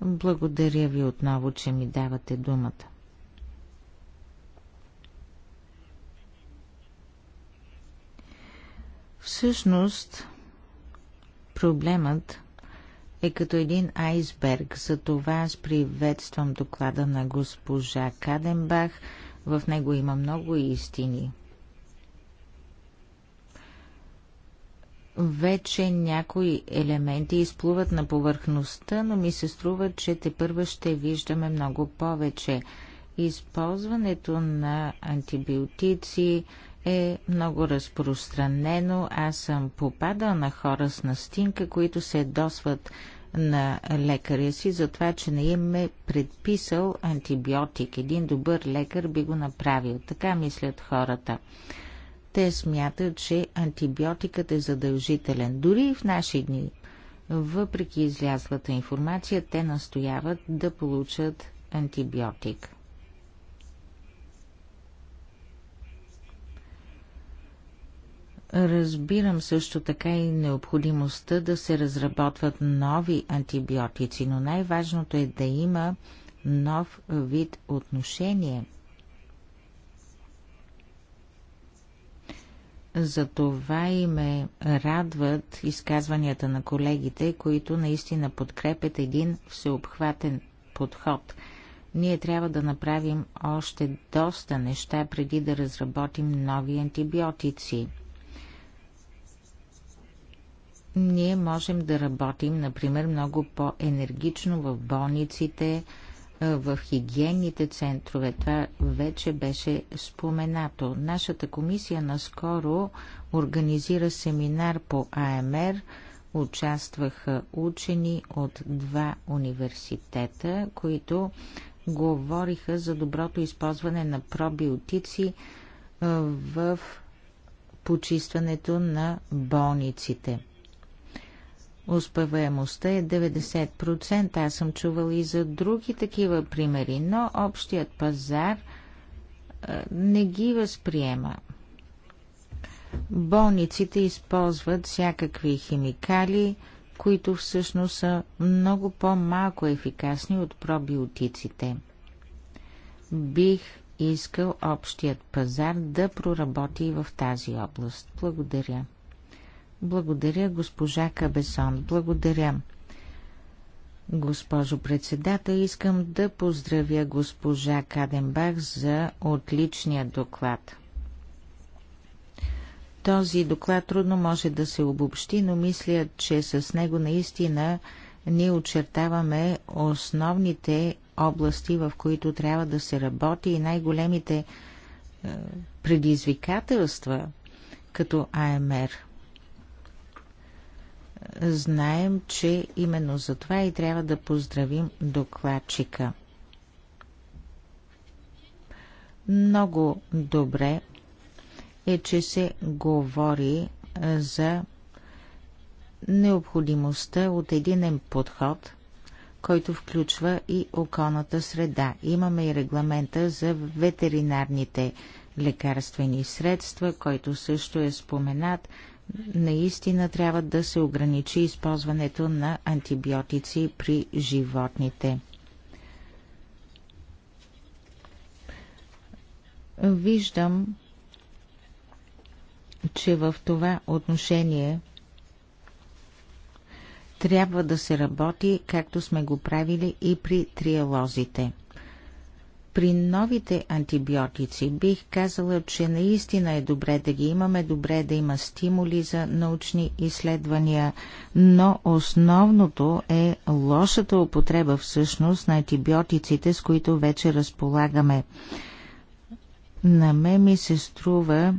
Благодаря ви отново, че ми давате думата. Всъщност, проблемът е като един айсберг, за това аз приветствам доклада на госпожа Каденбах – в него има много истини. Вече някои елементи изплуват на повърхността, но ми се струва, че те първа ще виждаме много повече. Използването на антибиотици, е много разпространено. Аз съм попадал на хора с настинка, които се досват на лекаря си за това, че не им е предписал антибиотик. Един добър лекар би го направил. Така мислят хората. Те смятат, че антибиотикът е задължителен. Дори и в наши дни, въпреки излязвата информация, те настояват да получат антибиотик. Разбирам също така и необходимостта да се разработват нови антибиотици, но най-важното е да има нов вид отношение. Затова и ме радват изказванията на колегите, които наистина подкрепят един всеобхватен подход. Ние трябва да направим още доста неща преди да разработим нови антибиотици. Ние можем да работим, например, много по-енергично в болниците, в хигиенните центрове. Това вече беше споменато. Нашата комисия наскоро организира семинар по АМР. Участваха учени от два университета, които говориха за доброто използване на пробиотици в почистването на болниците успеваемостта е 90%. Аз съм чувал и за други такива примери, но общият пазар не ги възприема. Болниците използват всякакви химикали, които всъщност са много по-малко ефикасни от пробиотиците. Бих искал общият пазар да проработи и в тази област. Благодаря. Благодаря, госпожа Кабесон. Благодаря. Госпожо председател, искам да поздравя госпожа Каденбах за отличния доклад. Този доклад трудно може да се обобщи, но мисля, че с него наистина ние очертаваме основните области, в които трябва да се работи и най-големите е, предизвикателства като АМР – знаем, че именно за това и трябва да поздравим докладчика. Много добре е, че се говори за необходимостта от единен подход, който включва и околната среда. Имаме и регламента за ветеринарните лекарствени средства, който също е споменат – наистина трябва да се ограничи използването на антибиотици при животните. Виждам, че в това отношение трябва да се работи, както сме го правили и при триалозите – при новите антибиотици бих казала, че наистина е добре да ги имаме, добре е да има стимули за научни изследвания, но основното е лошата употреба всъщност на антибиотиците, с които вече разполагаме. На мен ми се струва,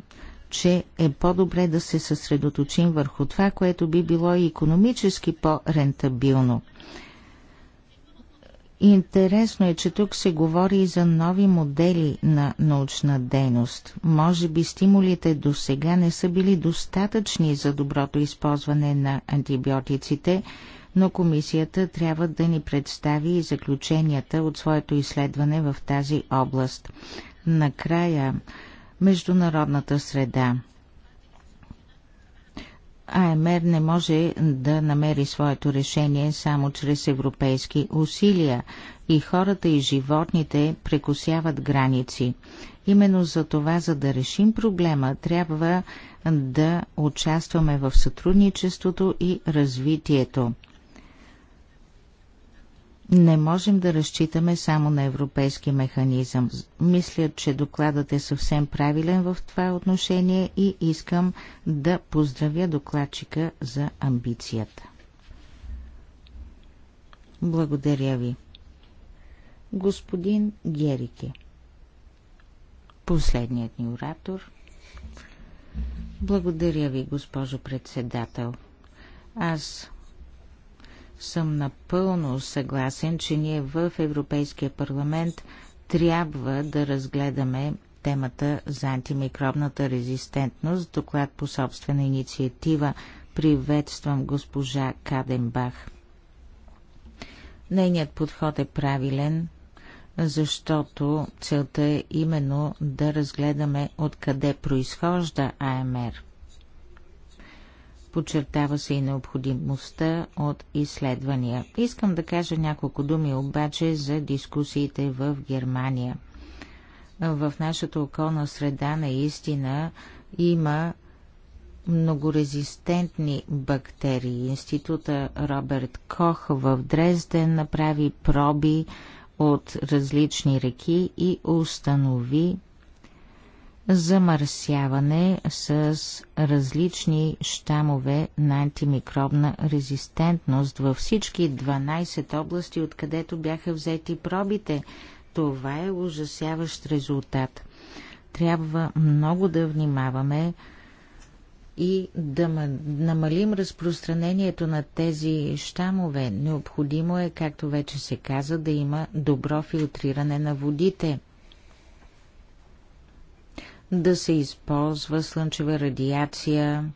че е по-добре да се съсредоточим върху това, което би било и економически по-рентабилно. Интересно е, че тук се говори и за нови модели на научна дейност. Може би стимулите до сега не са били достатъчни за доброто използване на антибиотиците, но комисията трябва да ни представи и заключенията от своето изследване в тази област. Накрая, международната среда. АМР не може да намери своето решение само чрез европейски усилия и хората и животните прекусяват граници. Именно за това, за да решим проблема, трябва да участваме в сътрудничеството и развитието. Не можем да разчитаме само на европейски механизъм. Мисля, че докладът е съвсем правилен в това отношение и искам да поздравя докладчика за амбицията. Благодаря ви. Господин Герике. Последният ни оратор. Благодаря ви, госпожо председател. Аз съм напълно съгласен, че ние в Европейския парламент трябва да разгледаме темата за антимикробната резистентност, доклад по собствена инициатива. Приветствам госпожа Каденбах. Нейният подход е правилен, защото целта е именно да разгледаме откъде произхожда АМР – Подчертава се и необходимостта от изследвания. Искам да кажа няколко думи обаче за дискусиите в Германия. В нашата околна среда наистина има многорезистентни бактерии. Института Роберт Кох в Дрезден направи проби от различни реки и установи замърсяване с различни щамове на антимикробна резистентност във всички 12 области, откъдето бяха взети пробите. Това е ужасяващ резултат. Трябва много да внимаваме и да намалим разпространението на тези щамове. Необходимо е, както вече се каза, да има добро филтриране на водите – да се използва слънчева радиация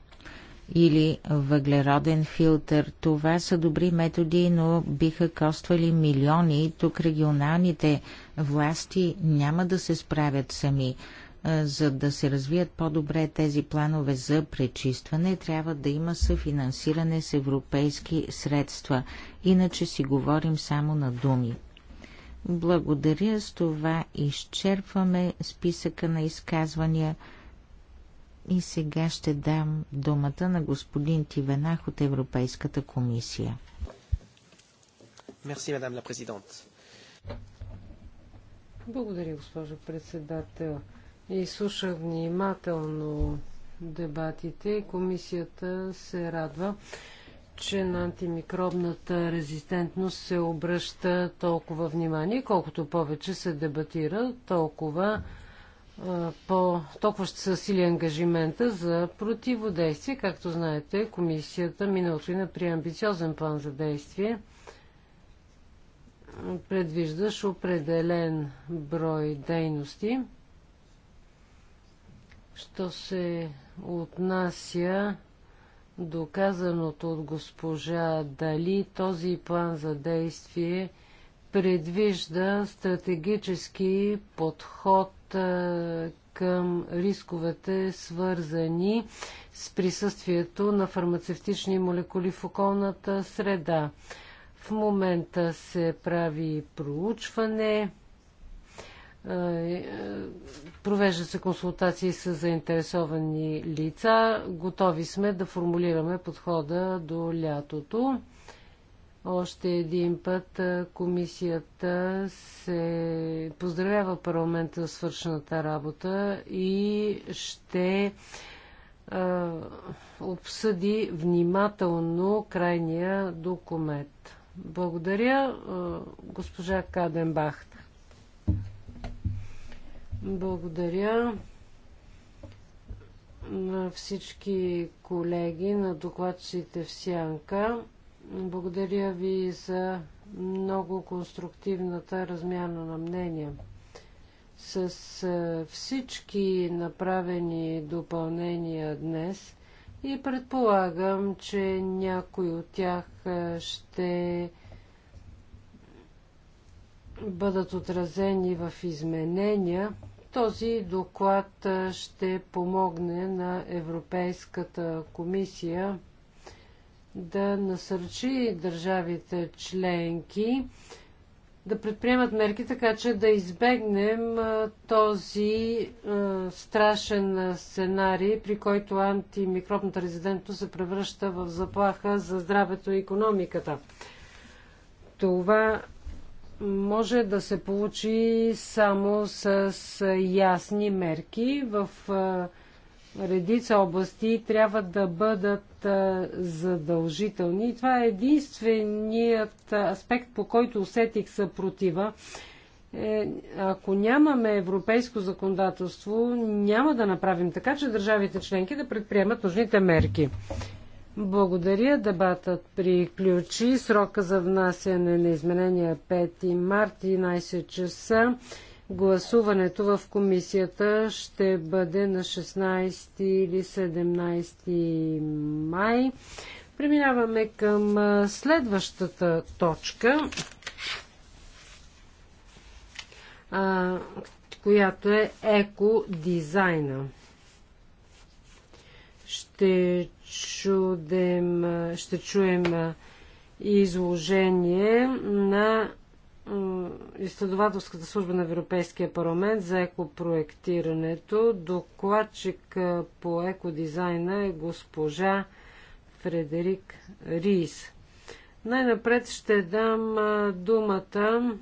или въглероден филтър. Това са добри методи, но биха коствали милиони. Тук регионалните власти няма да се справят сами. За да се развият по-добре тези планове за пречистване, трябва да има съфинансиране с европейски средства. Иначе си говорим само на думи. Благодаря. С това изчерпваме списъка на изказвания. И сега ще дам думата на господин Тивенах от Европейската комисия. Мерси, мадам ла президент. Благодаря, госпожо председател. И внимателно дебатите. Комисията се радва, че на антимикробната резистентност се обръща толкова внимание. Колкото повече се дебатира, толкова, по, толкова ще са сили ангажимента за противодействие. Както знаете, комисията миналото и при амбициозен план за действие предвиждаш определен брой дейности. Що се отнася доказаното от госпожа Дали, този план за действие предвижда стратегически подход към рисковете, свързани с присъствието на фармацевтични молекули в околната среда. В момента се прави проучване е, е, Провежда се консултации с заинтересовани лица. Готови сме да формулираме подхода до лятото. Още един път е, комисията се поздравява парламента за свършената работа и ще а, обсъди внимателно крайния документ. Благодаря, госпожа Каденбахт. Благодаря на всички колеги, на докладчите в Сянка. Благодаря ви за много конструктивната размяна на мнения. С всички направени допълнения днес и предполагам, че някои от тях ще бъдат отразени в изменения, този доклад ще помогне на Европейската комисия да насърчи държавите членки да предприемат мерки, така че да избегнем този страшен сценарий, при който антимикробната резидентност се превръща в заплаха за здравето и економиката. Това може да се получи само с ясни мерки. В редица области трябва да бъдат задължителни. това е единственият аспект, по който усетих съпротива. Е, ако нямаме европейско законодателство, няма да направим така, че държавите членки да предприемат нужните мерки. Благодаря. Дебатът приключи. Срока за внасяне на изменения 5 е март 11 часа. Гласуването в комисията ще бъде на 16 или 17 май. Преминаваме към следващата точка, която е екодизайна. Ще чудем, ще чуем изложение на изследователската служба на Европейския парламент за екопроектирането. Докладчик по екодизайна е госпожа Фредерик Рис. Най-напред ще дам думата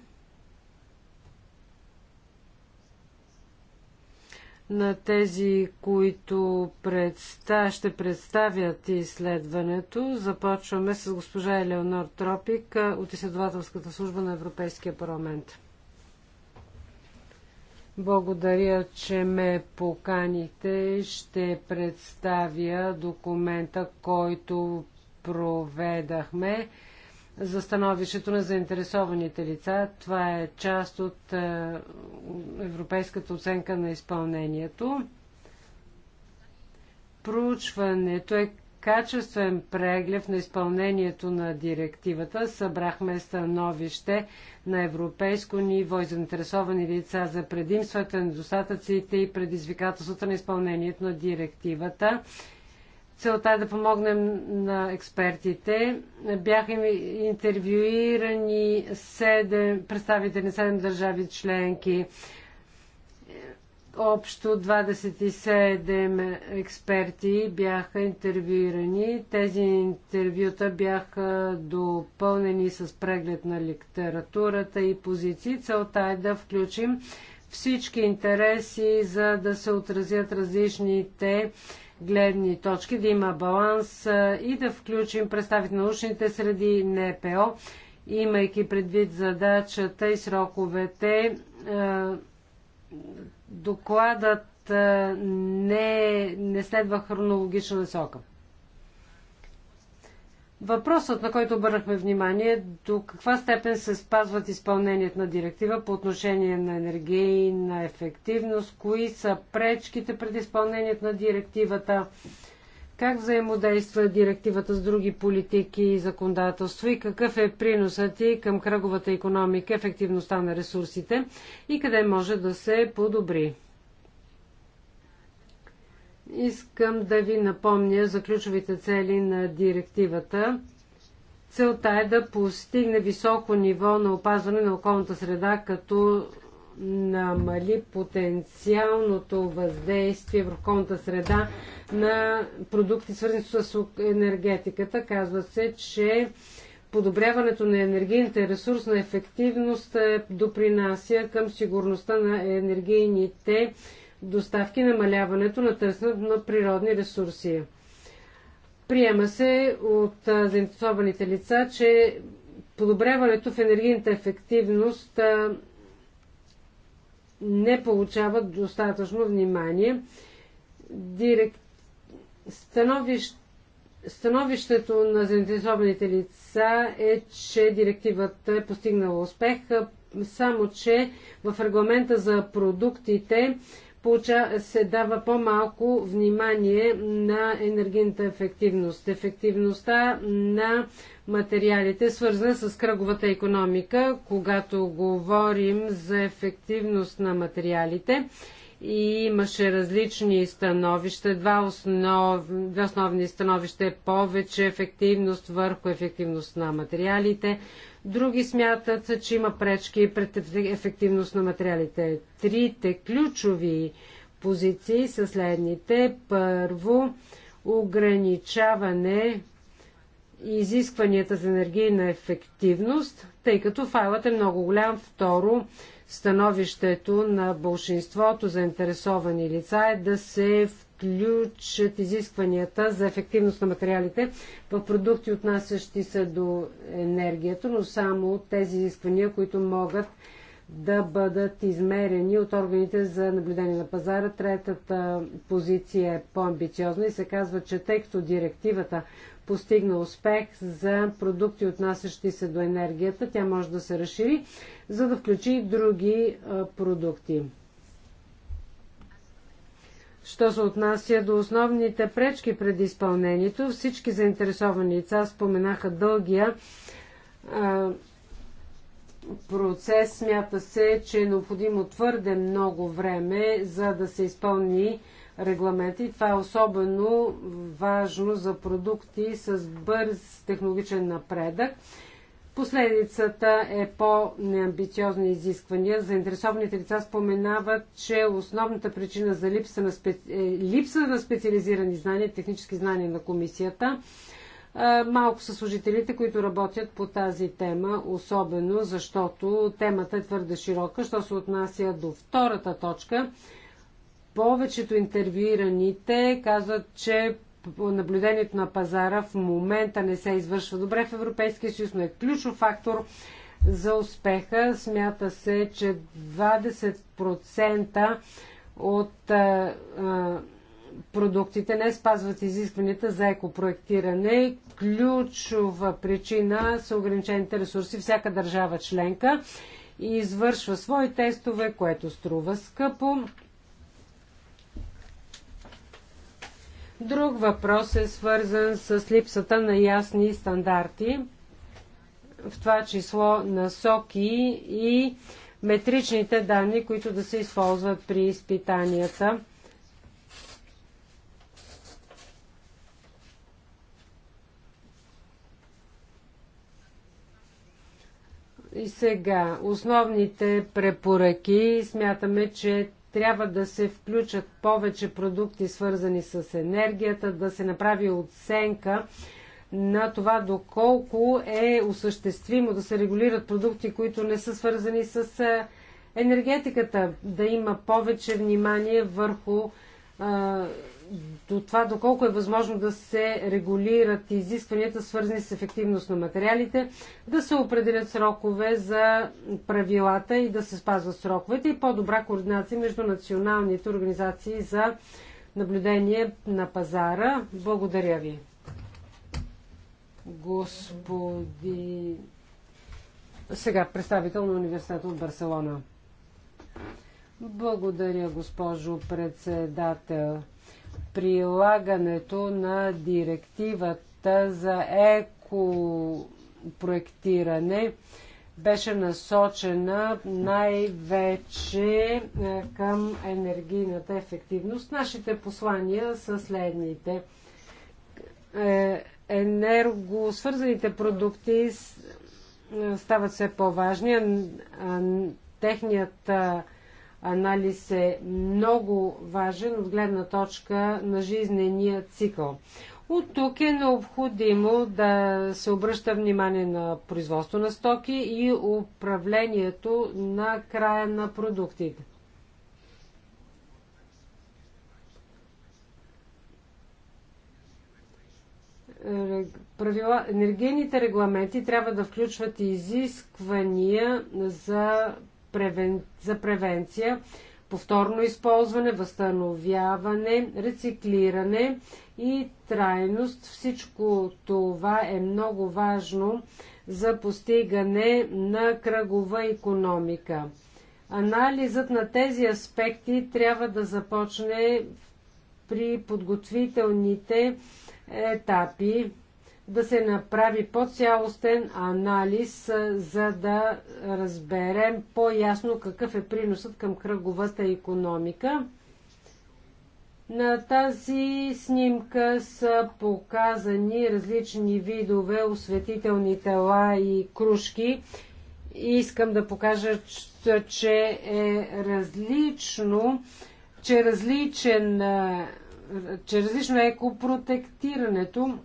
на тези, които предста... ще представят изследването. Започваме с госпожа Елеонор Тропик от изследователската служба на Европейския парламент. Благодаря, че ме поканите. Ще представя документа, който проведахме за становището на заинтересованите лица. Това е част от е, европейската оценка на изпълнението. Проучването е качествен преглед на изпълнението на директивата. Събрахме становище на европейско ниво и заинтересовани лица за предимствата, недостатъците и предизвикателствата на изпълнението на директивата Целта е да помогнем на експертите. Бяха интервюирани представители на 7 държави членки, общо 27 експерти бяха интервюирани. Тези интервюта бяха допълнени с преглед на литературата и позиции. Целта е да включим всички интереси, за да се отразят различните гледни точки, да има баланс и да включим представите на научните среди НПО, имайки предвид задачата и сроковете. Докладът не, не следва хронологична насока. Въпросът, на който обърнахме внимание, е до каква степен се спазват изпълнението на директива по отношение на енергийна ефективност, кои са пречките пред изпълнението на директивата, как взаимодейства директивата с други политики и законодателство и какъв е приносът и към кръговата економика, ефективността на ресурсите и къде може да се подобри. Искам да ви напомня за ключовите цели на директивата. Целта е да постигне високо ниво на опазване на околната среда, като намали потенциалното въздействие върху околната среда на продукти, свързани с енергетиката. Казва се, че подобряването на енергийната ресурсна ефективност е, допринася към сигурността на енергийните доставки, намаляването на търсенето на природни ресурси. Приема се от заинтересованите лица, че подобряването в енергийната ефективност не получават достатъчно внимание. Директ... Становищ... Становището на заинтересованите лица е, че директивата е постигнала успех, само че в регламента за продуктите се дава по-малко внимание на енергийната ефективност. Ефективността на материалите, свързана с кръговата економика, когато говорим за ефективност на материалите и имаше различни становища. Два, основ, два основни становища е повече ефективност върху ефективност на материалите. Други смятат, че има пречки пред ефективност на материалите. Трите ключови позиции са следните. Първо, ограничаване изискванията за енергийна ефективност, тъй като файлът е много голям. Второ, Становището на большинството заинтересовани лица е да се включат изискванията за ефективност на материалите в продукти, отнасящи се до енергията, но само тези изисквания, които могат да бъдат измерени от органите за наблюдение на пазара. Третата позиция е по-амбициозна и се казва, че тъй като директивата постигна успех за продукти, отнасящи се до енергията. Тя може да се разшири, за да включи и други продукти. Що се отнася до основните пречки пред изпълнението, всички заинтересовани лица споменаха дългия а, процес. Смята се, че е необходимо твърде много време, за да се изпълни регламенти. Това е особено важно за продукти с бърз технологичен напредък. Последицата е по-неамбициозни изисквания. Заинтересованите лица споменават, че основната причина за липса на, специ... Е, липса на специализирани знания, технически знания на комисията, малко са служителите, които работят по тази тема, особено защото темата е твърде широка. Що се отнася до втората точка, повечето интервюираните казват, че наблюдението на пазара в момента не се извършва добре в Европейския съюз, но е ключов фактор за успеха. Смята се, че 20% от а, а, продуктите не спазват изискванията за екопроектиране. Ключова причина са ограничените ресурси. Всяка държава членка и извършва свои тестове, което струва скъпо. Друг въпрос е свързан с липсата на ясни стандарти, в това число насоки и метричните данни, които да се използват при изпитанията. И сега, основните препоръки. Смятаме, че трябва да се включат повече продукти, свързани с енергията, да се направи оценка на това доколко е осъществимо да се регулират продукти, които не са свързани с енергетиката, да има повече внимание върху а, до това доколко е възможно да се регулират изискванията, свързани с ефективност на материалите, да се определят срокове за правилата и да се спазват сроковете и по-добра координация между националните организации за наблюдение на пазара. Благодаря ви. Господи... Сега представител на университета от Барселона. Благодаря, госпожо председател прилагането на директивата за екопроектиране беше насочена най-вече е, към енергийната ефективност. Нашите послания са следните. Е, Енергосвързаните продукти е, стават все по-важни. Техният анализ е много важен от гледна точка на жизнения цикъл. От тук е необходимо да се обръща внимание на производство на стоки и управлението на края на продуктите. правила, енергийните регламенти трябва да включват изисквания за превен... за превенция, повторно използване, възстановяване, рециклиране и трайност. Всичко това е много важно за постигане на кръгова економика. Анализът на тези аспекти трябва да започне при подготвителните етапи да се направи по-цялостен анализ, за да разберем по-ясно какъв е приносът към кръговата економика. На тази снимка са показани различни видове осветителни тела и кружки. И искам да покажа, че е различно, че е различен, че е различно е екопротектирането.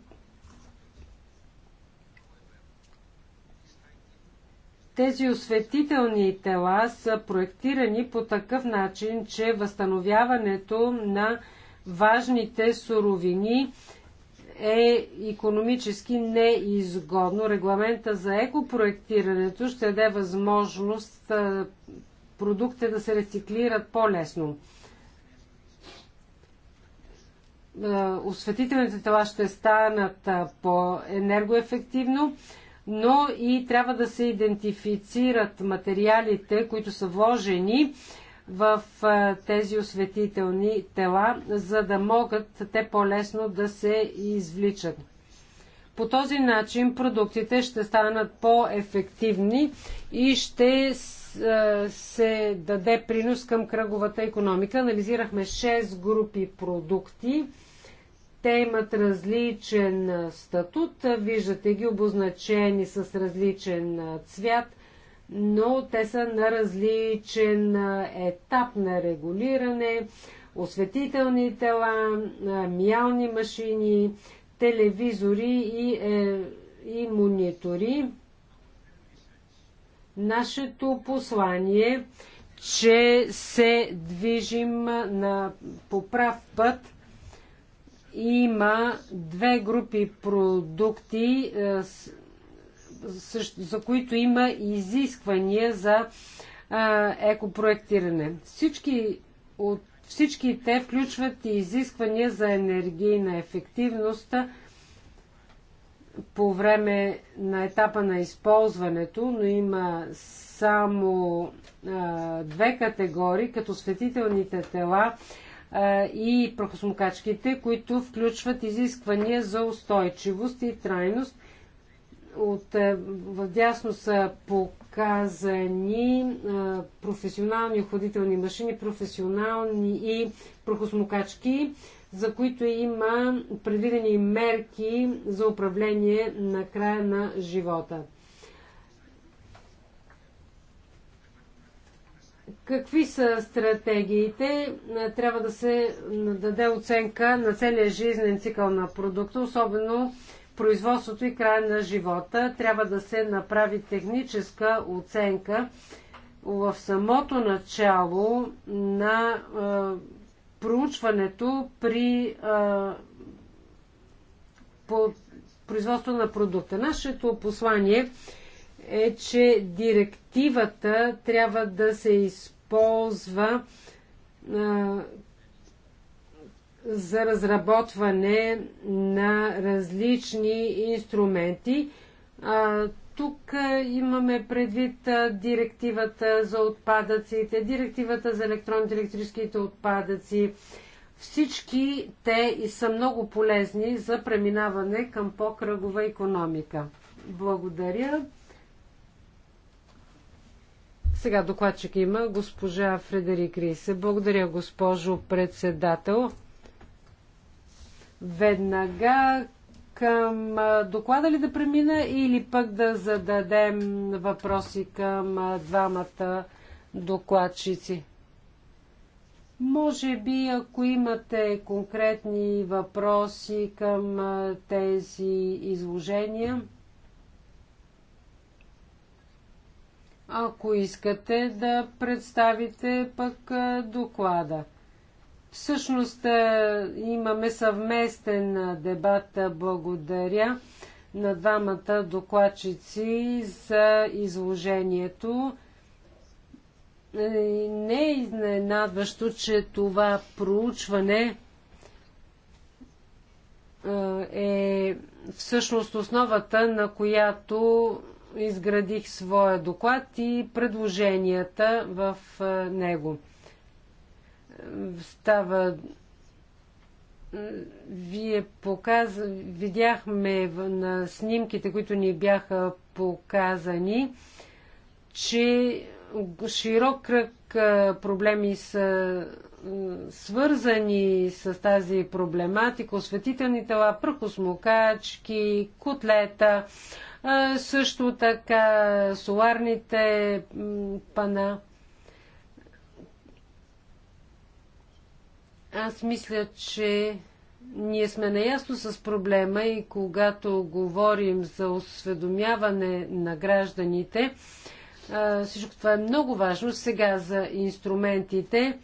Тези осветителни тела са проектирани по такъв начин, че възстановяването на важните суровини е економически неизгодно. Регламента за екопроектирането ще даде възможност продуктите да се рециклират по-лесно. Осветителните тела ще станат по-енергоефективно но и трябва да се идентифицират материалите, които са вложени в тези осветителни тела, за да могат те по-лесно да се извличат. По този начин продуктите ще станат по-ефективни и ще се даде принос към кръговата економика. Анализирахме 6 групи продукти те имат различен статут, виждате ги обозначени с различен цвят, но те са на различен етап на регулиране, осветителни тела, миални машини, телевизори и, е, и монитори. Нашето послание, е, че се движим на, по прав път – има две групи продукти, е, за които има изисквания за е, екопроектиране. Всички от всички те включват и изисквания за енергийна ефективност по време на етапа на използването, но има само а, е, две категории, като светителните тела и прахосмокачките, които включват изисквания за устойчивост и трайност. От, в дясно са показани професионални ходителни машини, професионални и прахосмокачки, за които има предвидени мерки за управление на края на живота. Какви са стратегиите? Е, трябва да се даде оценка на целия жизнен цикъл на продукта, особено производството и края на живота. Трябва да се направи техническа оценка в самото начало на е, проучването при е, по, производство на продукта. Нашето послание е, че директивата трябва да се използва използва а, за разработване на различни инструменти. А, тук имаме предвид директивата за отпадъците, директивата за електронните електрическите отпадъци. Всички те и са много полезни за преминаване към по-кръгова економика. Благодаря. Сега докладчик има госпожа Фредерик Рисе. Благодаря, госпожо председател. Веднага към доклада ли да премина или пък да зададем въпроси към двамата докладчици? Може би, ако имате конкретни въпроси към тези изложения. ако искате да представите пък доклада. Всъщност имаме съвместен дебат. Благодаря на двамата докладчици за изложението. Не е изненадващо, че това проучване е всъщност основата, на която изградих своя доклад и предложенията в него. Става вие показ... видяхме на снимките, които ни бяха показани, че широк кръг проблеми са свързани с тази проблематика. Осветителни тела, пръхосмокачки, котлета, също така соларните пана. Аз мисля, че ние сме наясно с проблема и когато говорим за осведомяване на гражданите, всичко това е много важно. Сега за инструментите.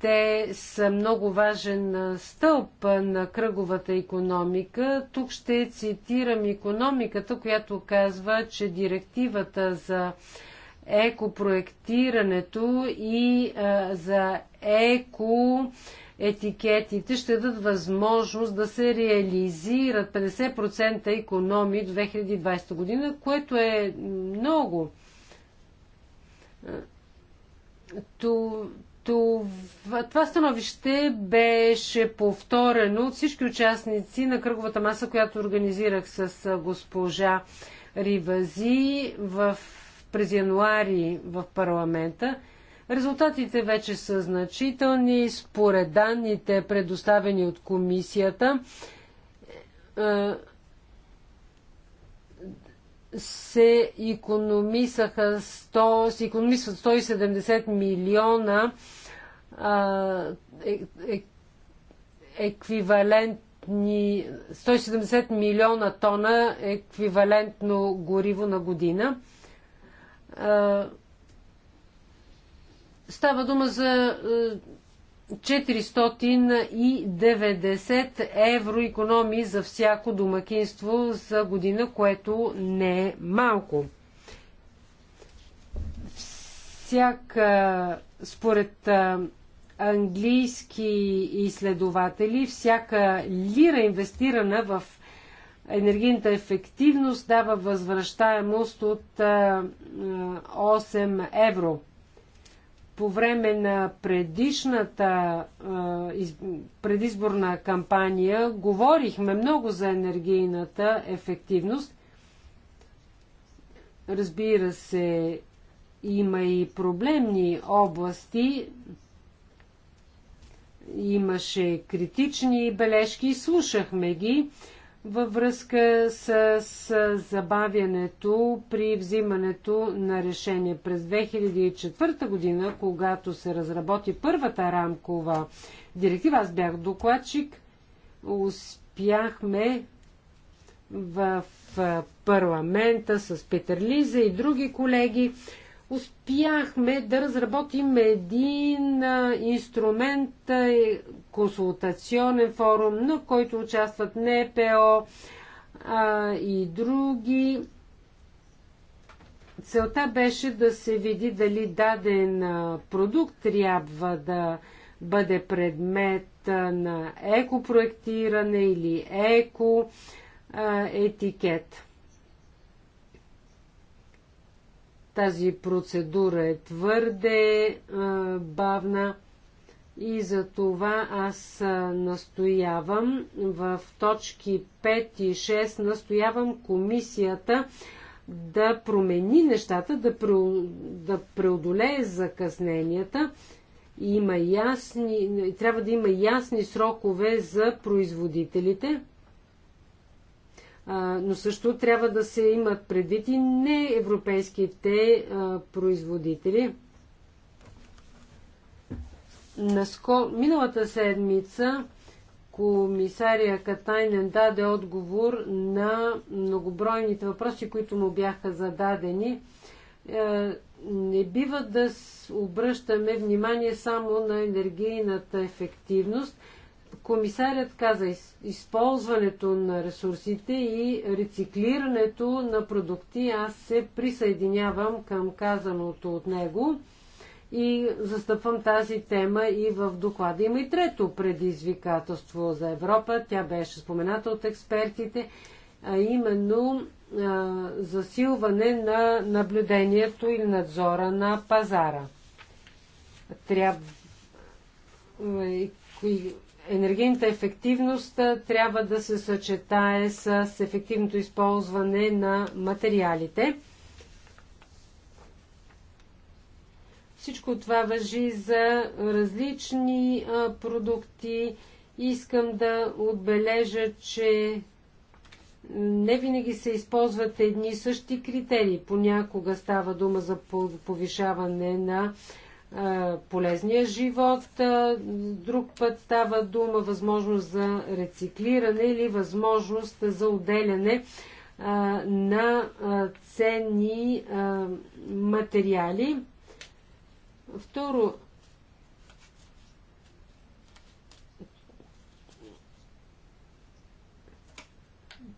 Те са много важен стълб на кръговата економика. Тук ще цитирам економиката, която казва, че директивата за екопроектирането и а, за еко етикетите ще дадат възможност да се реализират 50% економии до 2020 година, което е много. Това, това становище беше повторено от всички участници на кръговата маса, която организирах с госпожа Ривази в, през януари в парламента. Резултатите вече са значителни. Според данните, предоставени от комисията, се економисаха 100, се економисват 170 милиона е, е, еквивалентни 170 милиона тона еквивалентно гориво на година. Става дума за 490 евро економии за всяко домакинство за година, което не е малко. Всяка, според английски изследователи, всяка лира инвестирана в енергийната ефективност дава възвръщаемост от 8 евро. По време на предишната предизборна кампания говорихме много за енергийната ефективност. Разбира се, има и проблемни области, имаше критични бележки и слушахме ги във връзка с, с забавянето при взимането на решение. През 2004 година, когато се разработи първата рамкова директива, аз бях докладчик, успяхме в парламента с Петър Лиза и други колеги успяхме да разработим един инструмент, е консултационен форум, на който участват НПО а, и други. Целта беше да се види дали даден продукт трябва да бъде предмет на екопроектиране или еко етикет. Тази процедура е твърде бавна. И за това аз настоявам в точки 5 и 6, настоявам комисията да промени нещата, да, да преодолее закъсненията. Има ясни, трябва да има ясни срокове за производителите но също трябва да се имат предвид и неевропейските производители. Наско... Миналата седмица комисария Катайнен даде отговор на многобройните въпроси, които му бяха зададени. Е, не бива да обръщаме внимание само на енергийната ефективност – Комисарят каза, използването на ресурсите и рециклирането на продукти. Аз се присъединявам към казаното от него и застъпвам тази тема и в доклада. Има и трето предизвикателство за Европа. Тя беше спомената от експертите, а именно а, засилване на наблюдението и надзора на пазара. Трябва енергийната ефективност трябва да се съчетае с ефективното използване на материалите. Всичко това въжи за различни продукти. Искам да отбележа, че не винаги се използват едни и същи критерии. Понякога става дума за повишаване на полезния живот, друг път става дума възможност за рециклиране или възможност за отделяне на ценни материали. Второ,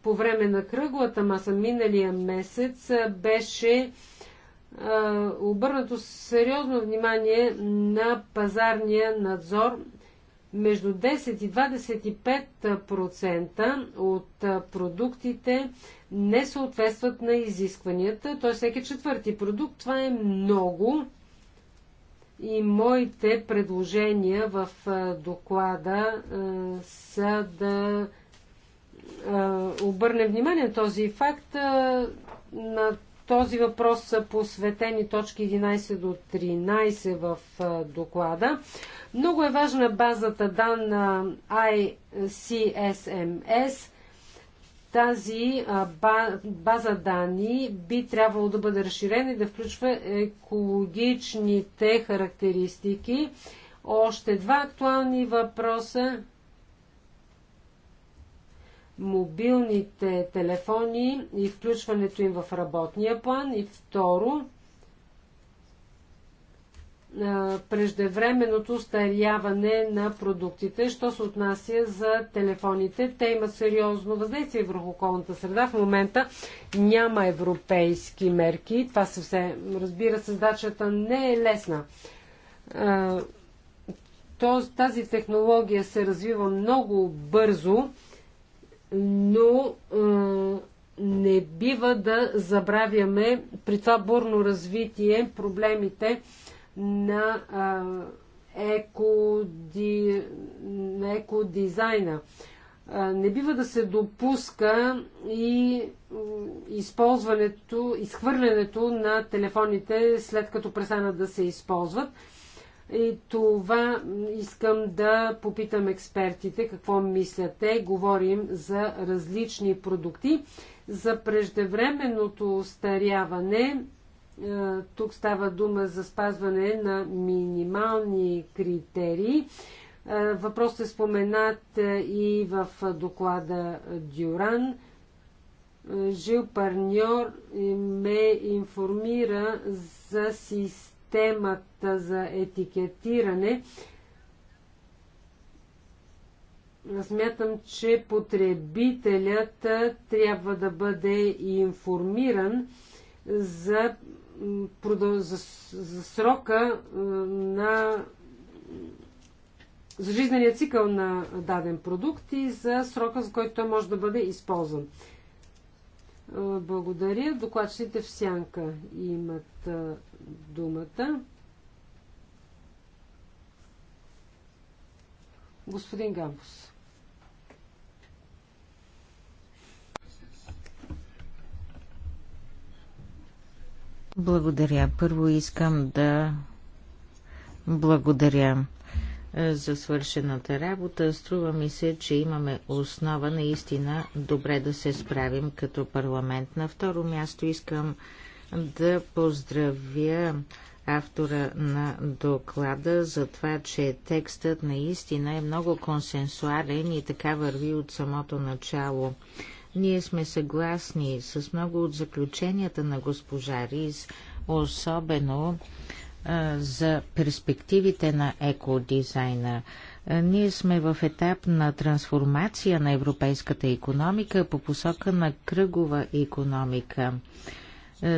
по време на кръглата маса миналия месец беше обърнато сериозно внимание на пазарния надзор. Между 10 и 25% от продуктите не съответстват на изискванията, т.е. всеки четвърти продукт. Това е много. И моите предложения в доклада са да обърнем внимание на този факт, на този въпрос са посветени точки 11 до 13 в доклада. Много е важна базата дан на ICSMS. Тази база данни би трябвало да бъде разширена и да включва екологичните характеристики. Още два актуални въпроса мобилните телефони и включването им в работния план. И второ, преждевременното старяване на продуктите. Що се отнася за телефоните, те имат сериозно въздействие върху околната среда. В момента няма европейски мерки. Това съвсем, разбира се, задачата не е лесна. Тази технология се развива много бързо но е, не бива да забравяме при това бурно развитие проблемите на е, на екодизайна. Е, не бива да се допуска и използването, изхвърлянето на телефоните след като престанат да се използват. И това искам да попитам експертите, какво мислят те. Говорим за различни продукти. За преждевременното старяване, е, тук става дума за спазване на минимални критерии. Е, въпросът е споменат е, и в доклада Дюран. Жил Парньор ме информира за системата Темата за етикетиране, смятам, че потребителят трябва да бъде информиран за, за, за срока на за жизнения цикъл на даден продукт и за срока, за който той може да бъде използван. Е, благодаря. Докладчите в сянка имат е, думата. Господин Гамбус. Благодаря. Първо искам да благодаря е, за свършената работа. Струва ми се, че имаме основа наистина добре да се справим като парламент. На второ място искам да поздравя автора на доклада за това, че текстът наистина е много консенсуален и така върви от самото начало. Ние сме съгласни с много от заключенията на госпожа Рис, особено за перспективите на екодизайна. Ние сме в етап на трансформация на европейската економика по посока на кръгова економика.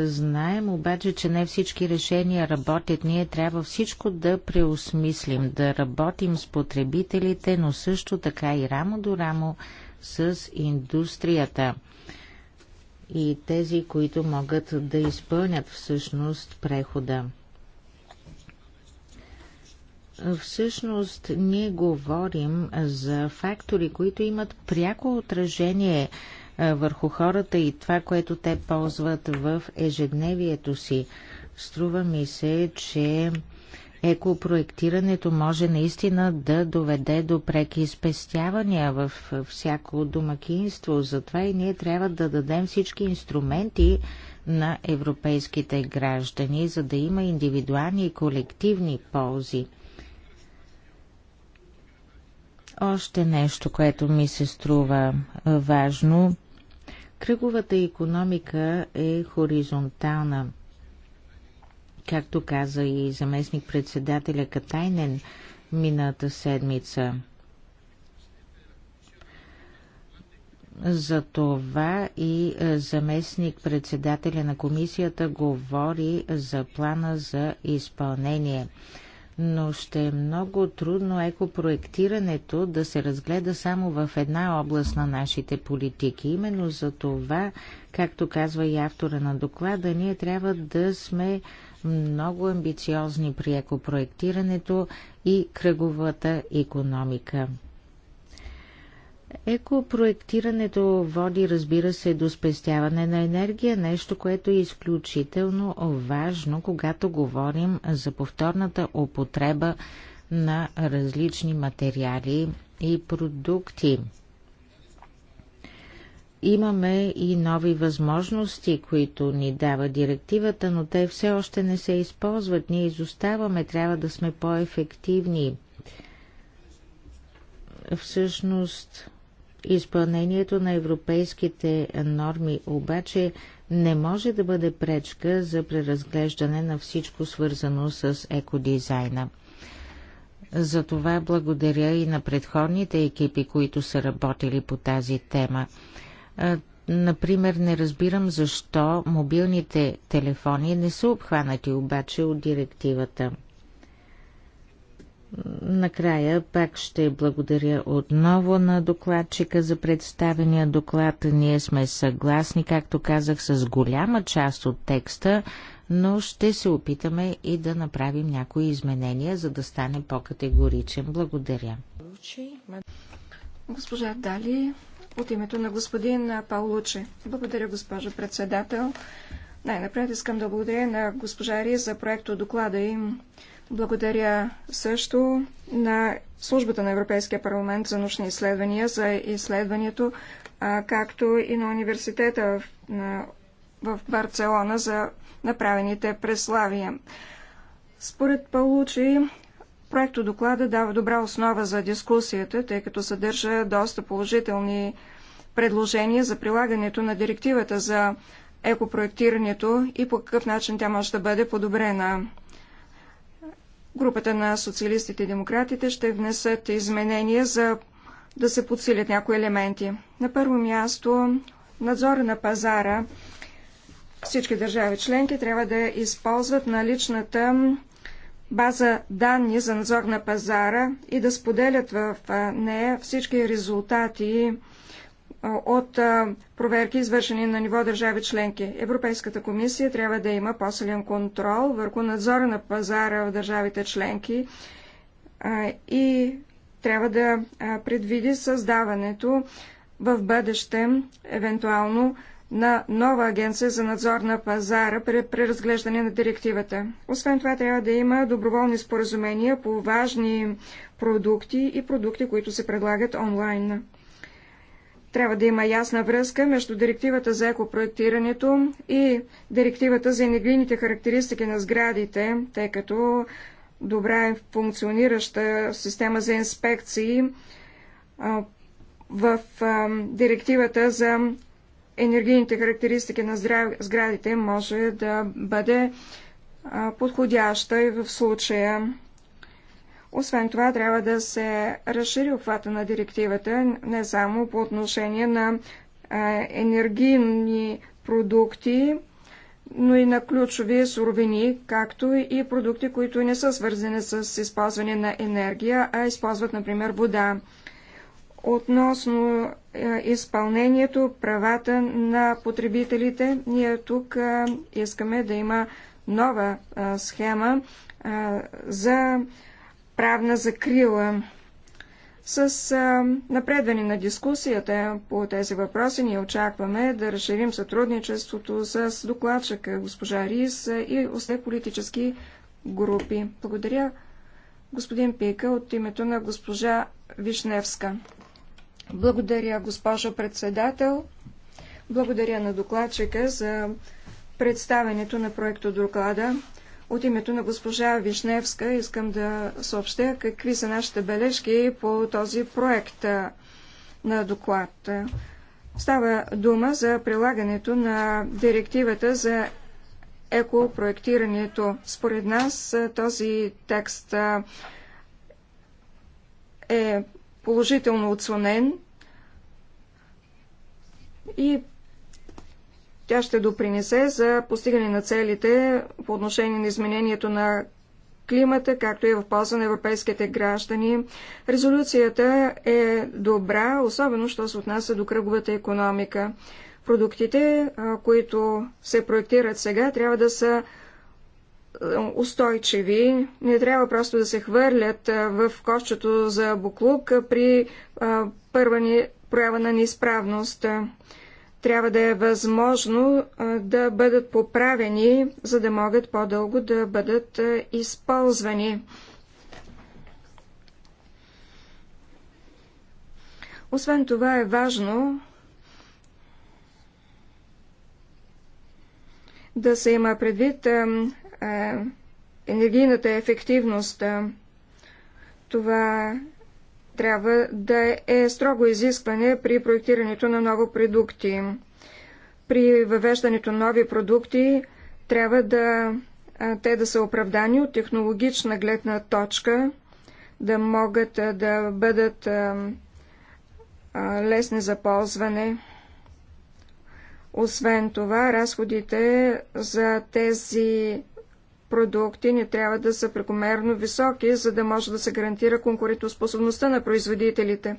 Знаем обаче, че не всички решения работят. Ние трябва всичко да преосмислим, да работим с потребителите, но също така и рамо до рамо с индустрията и тези, които могат да изпълнят всъщност прехода. Всъщност ние говорим за фактори, които имат пряко отражение е, върху хората и това, което те ползват в ежедневието си. Струва ми се, че екопроектирането може наистина да доведе до преки спестявания в всяко домакинство. Затова и ние трябва да дадем всички инструменти на европейските граждани, за да има индивидуални и колективни ползи. Още нещо, което ми се струва важно. Кръговата економика е хоризонтална. Както каза и заместник председателя Катайнен мината седмица. За това и заместник председателя на комисията говори за плана за изпълнение – но ще е много трудно екопроектирането да се разгледа само в една област на нашите политики. Именно за това, както казва и автора на доклада, ние трябва да сме много амбициозни при екопроектирането и кръговата економика. Екопроектирането води, разбира се, до спестяване на енергия, нещо, което е изключително важно, когато говорим за повторната употреба на различни материали и продукти. Имаме и нови възможности, които ни дава директивата, но те все още не се използват. Ние изоставаме, трябва да сме по-ефективни. Всъщност, Изпълнението на европейските норми обаче не може да бъде пречка за преразглеждане на всичко свързано с екодизайна. Затова благодаря и на предходните екипи, които са работили по тази тема. Например, не разбирам защо мобилните телефони не са обхванати обаче от директивата. Накрая пак ще благодаря отново на докладчика за представения доклад. Ние сме съгласни, както казах, с голяма част от текста, но ще се опитаме и да направим някои изменения, за да стане по-категоричен. Благодаря. Госпожа Дали, от името на господин Паулуче. Благодаря, госпожо председател. Най-напред искам да благодаря на госпожа Ри за проекто доклада им. Благодаря също на Службата на Европейския парламент за научни изследвания за изследването, както и на университета в, Барселона за направените преславия. Според получи, проекто доклада дава добра основа за дискусията, тъй като съдържа доста положителни предложения за прилагането на директивата за екопроектирането и по какъв начин тя може да бъде подобрена. Групата на социалистите и демократите ще внесат изменения за да се подсилят някои елементи. На първо място, надзора на пазара. Всички държави членки трябва да използват наличната база данни за надзор на пазара и да споделят в нея всички резултати от проверки, извършени на ниво държави членки. Европейската комисия трябва да има по-силен контрол върху надзора на пазара в държавите членки и трябва да предвиди създаването в бъдеще, евентуално, на нова агенция за надзор на пазара при преразглеждане на директивата. Освен това, трябва да има доброволни споразумения по важни продукти и продукти, които се предлагат онлайн. Трябва да има ясна връзка между директивата за екопроектирането и директивата за енергийните характеристики на сградите, тъй като добра функционираща система за инспекции в директивата за енергийните характеристики на сградите може да бъде подходяща и в случая освен това, трябва да се разшири обхвата на директивата не само по отношение на енергийни продукти, но и на ключови суровини, както и продукти, които не са свързани с използване на енергия, а използват, например, вода. Относно е, изпълнението, правата на потребителите, ние тук е, искаме да има нова е, схема за правна закрила. С а, напредване на дискусията по тези въпроси ние очакваме да разширим сътрудничеството с докладчика госпожа Рис и още политически групи. Благодаря господин Пика от името на госпожа Вишневска. Благодаря, госпожо председател. Благодаря на докладчика за представенето на проекто доклада. От името на госпожа Вишневска искам да съобщя какви са нашите бележки по този проект на доклад. Става дума за прилагането на директивата за екопроектирането. Според нас този текст е положително отслонен и тя ще допринесе за постигане на целите по отношение на изменението на климата, както и в полза на европейските граждани. Резолюцията е добра, особено що се отнася до кръговата економика. Продуктите, които се проектират сега, трябва да са устойчиви. Не трябва просто да се хвърлят в кошчето за буклук при първа ни проява на неизправност трябва да е възможно да бъдат поправени, за да могат по-дълго да бъдат използвани. Освен това е важно да се има предвид енергийната ефективност. Това трябва да е строго изискване при проектирането на нови продукти. При въвеждането на нови продукти трябва да те да са оправдани от технологична гледна точка, да могат да бъдат лесни за ползване. Освен това, разходите за тези продукти не трябва да са прекомерно високи, за да може да се гарантира конкурентоспособността на производителите.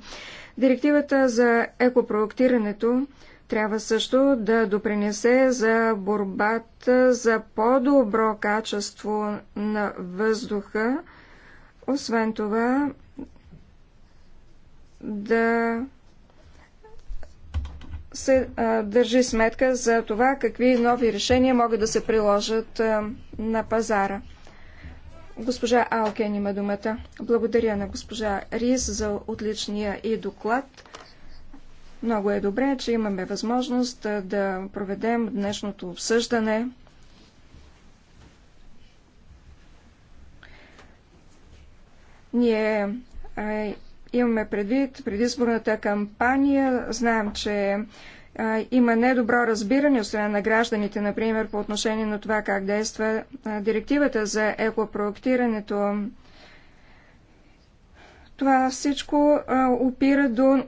Директивата за екопроектирането трябва също да допринесе за борбата за по-добро качество на въздуха, освен това да се а, държи сметка за това какви нови решения могат да се приложат а, на пазара. Госпожа Алкен има думата. Благодаря на госпожа Рис за отличния и доклад. Много е добре, че имаме възможност да проведем днешното обсъждане. Ние имаме предвид предизборната кампания. Знаем, че има недобро разбиране от страна на гражданите, например, по отношение на това как действа директивата за екопроектирането. Това всичко опира до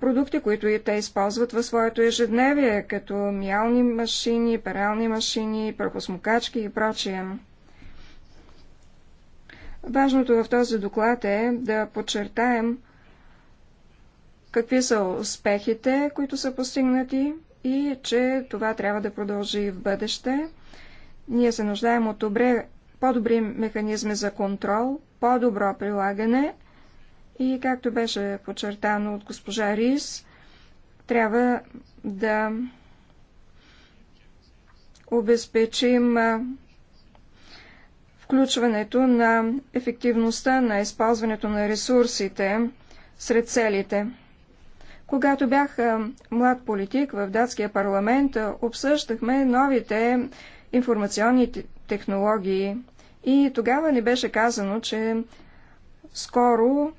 продукти, които и те използват в своето ежедневие, като миални машини, перални машини, прахосмокачки и прочие. Важното в този доклад е да подчертаем, какви са успехите, които са постигнати и че това трябва да продължи в бъдеще. Ние се нуждаем от добре, по-добри механизми за контрол, по-добро прилагане и, както беше подчертано от госпожа Рис, трябва да обезпечим включването на ефективността на използването на ресурсите сред целите. Когато бях млад политик в датския парламент, обсъждахме новите информационни технологии и тогава ни беше казано, че скоро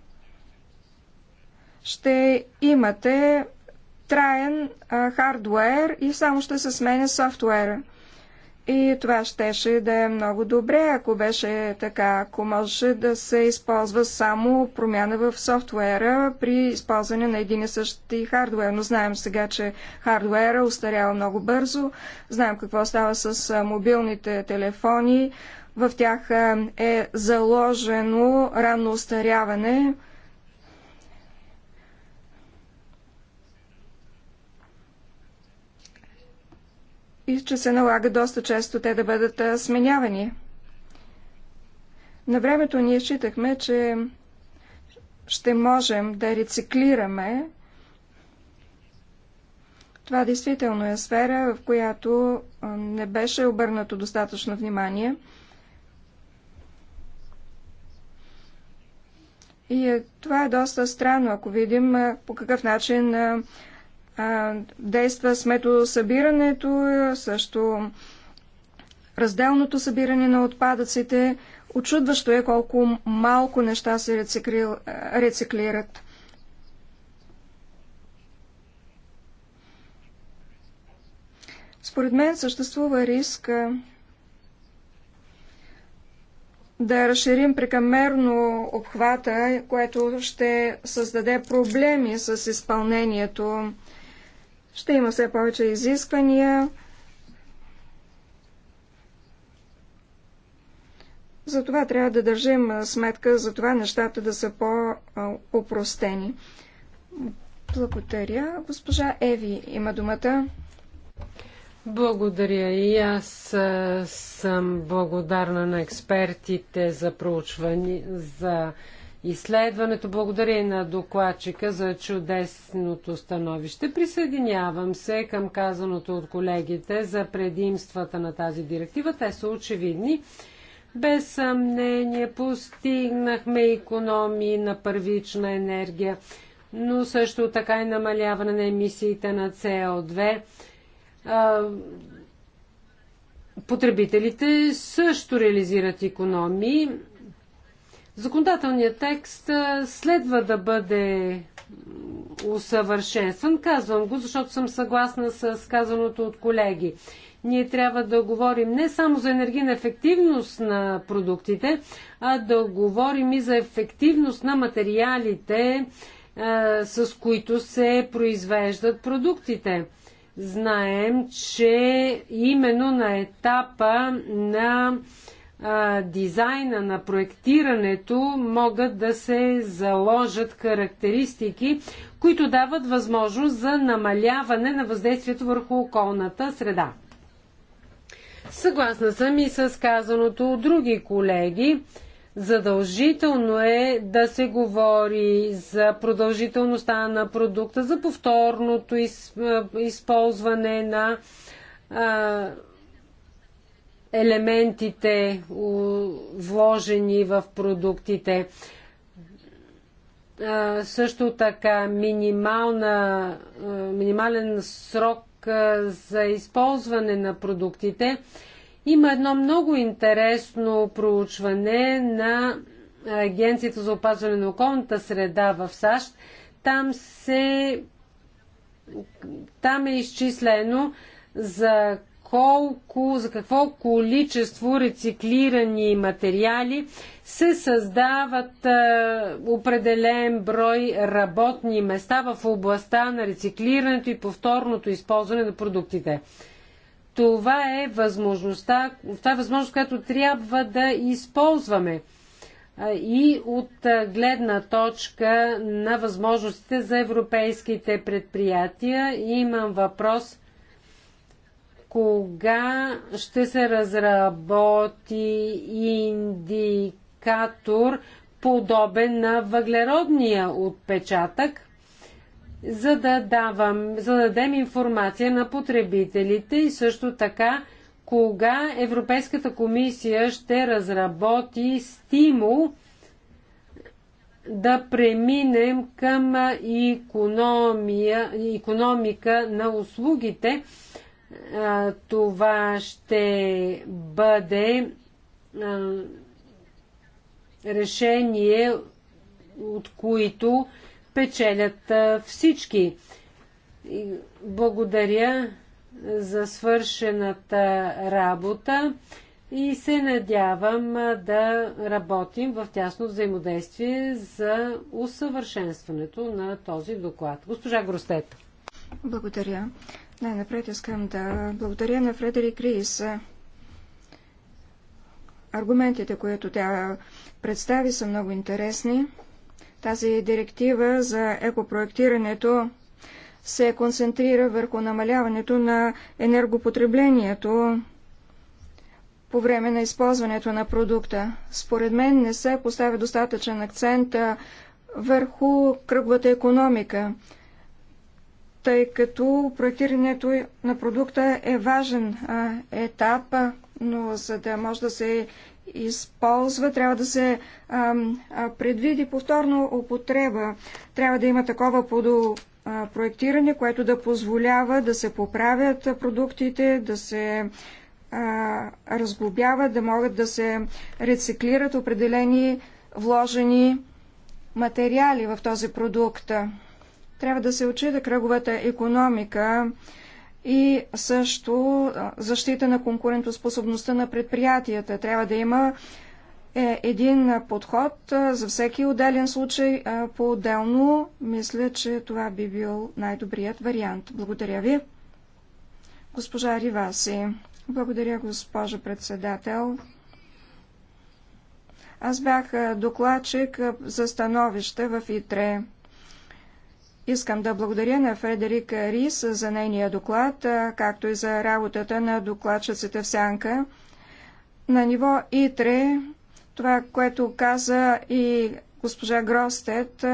ще имате траен хардуер и само ще се сменя софтуера. И това щеше да е много добре, ако беше така, ако може да се използва само промяна в софтуера при използване на един и същи хардуер. Но знаем сега, че хардуера устарява много бързо. Знаем какво става с мобилните телефони. В тях е заложено ранно устаряване. и че се налага доста често те да бъдат сменявани. На времето ние считахме, че ще можем да рециклираме. Това действително е сфера, в която не беше обърнато достатъчно внимание. И това е доста странно, ако видим по какъв начин действа с методосъбирането, също разделното събиране на отпадъците. Очудващо е колко малко неща се рециклират. Според мен съществува риск да разширим прекамерно обхвата, което ще създаде проблеми с изпълнението ще има все повече изисквания. Затова трябва да държим сметка за това нещата да са по-опростени. Благодаря. Госпожа Еви има думата. Благодаря и аз съм благодарна на експертите за проучване, за изследването. Благодаря и на докладчика за чудесното становище. Присъединявам се към казаното от колегите за предимствата на тази директива. Те са очевидни. Без съмнение постигнахме економии на първична енергия, но също така и намаляване на емисиите на со 2 Потребителите също реализират економии Законодателният текст следва да бъде усъвършенстван. Казвам го, защото съм съгласна с казаното от колеги. Ние трябва да говорим не само за енергийна ефективност на продуктите, а да говорим и за ефективност на материалите, с които се произвеждат продуктите. Знаем, че именно на етапа на дизайна на проектирането могат да се заложат характеристики, които дават възможност за намаляване на въздействието върху околната среда. Съгласна съм и с казаното от други колеги. Задължително е да се говори за продължителността на продукта, за повторното използване на елементите, вложени в продуктите. Също така минимална, минимален срок за използване на продуктите. Има едно много интересно проучване на Агенцията за опазване на околната среда в САЩ. Там се там е изчислено за колко, за какво количество рециклирани материали се създават а, е, определен брой работни места в областта на рециклирането и повторното използване на продуктите. Това е възможността, това е възможност, която трябва да използваме е, и от е, гледна точка на възможностите за европейските предприятия. Имам въпрос кога ще се разработи индикатор, подобен на въглеродния отпечатък, за да, давам, за да дадем информация на потребителите и също така кога Европейската комисия ще разработи стимул да преминем към економия, економика на услугите това ще бъде решение, от които печелят всички. Благодаря за свършената работа и се надявам да работим в тясно взаимодействие за усъвършенстването на този доклад. Госпожа Гростет. Благодаря. Най-напред искам да благодаря на Фредерик Рис. Аргументите, които тя представи, са много интересни. Тази директива за екопроектирането се концентрира върху намаляването на енергопотреблението по време на използването на продукта. Според мен не се поставя достатъчен акцент върху кръговата економика тъй като проектирането на продукта е важен етап, но за да може да се използва, трябва да се а, а, предвиди повторно употреба. Трябва да има такова подо проектиране, което да позволява да се поправят продуктите, да се а, разглобяват, да могат да се рециклират определени вложени материали в този продукт. Трябва да се отчита кръговата економика и също защита на конкурентоспособността на предприятията. Трябва да има е един подход за всеки отделен случай по-отделно. Мисля, че това би бил най-добрият вариант. Благодаря ви. Госпожа Риваси. Благодаря, госпожо председател. Аз бях докладчик за становище в ИТРЕ. Искам да благодаря на Фредерика Рис за нейния доклад, както и за работата на докладчиците в Сянка. На ниво ИТРЕ, това, което каза и госпожа Гростет,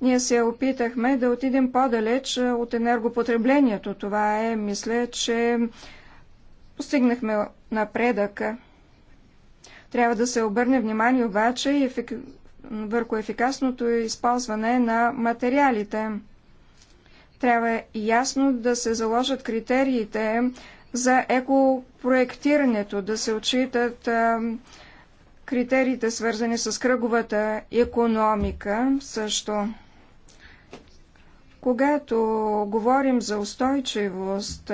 ние се опитахме да отидем по-далеч от енергопотреблението. Това е, мисля, че постигнахме напредък. Трябва да се обърне внимание обаче и върху ефикасното използване на материалите. Трябва ясно да се заложат критериите за екопроектирането, да се отчитат критериите, свързани с кръговата економика също. Когато говорим за устойчивост,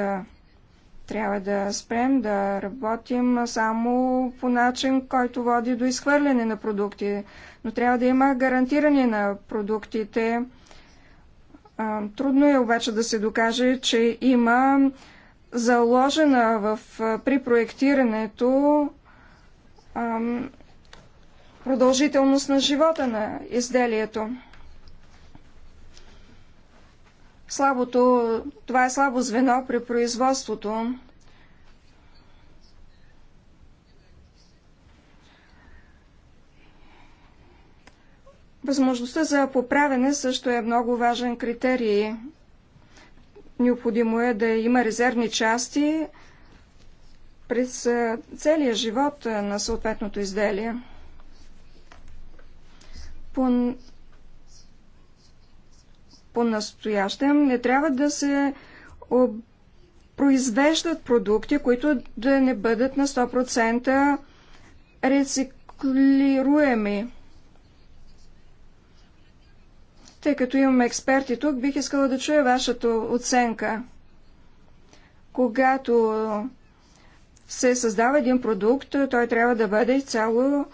трябва да спрем да работим само по начин, който води до изхвърляне на продукти, но трябва да има гарантиране на продуктите. Трудно е обаче да се докаже, че има заложена в, при проектирането продължителност на живота на изделието слабото, това е слабо звено при производството. Възможността за поправене също е много важен критерий. Необходимо е да има резервни части през целия живот на съответното изделие. По по-настоящем не трябва да се произвеждат продукти, които да не бъдат на 100% рециклируеми. Тъй като имаме експерти тук, бих искала да чуя вашата оценка. Когато се създава един продукт, той трябва да бъде цяло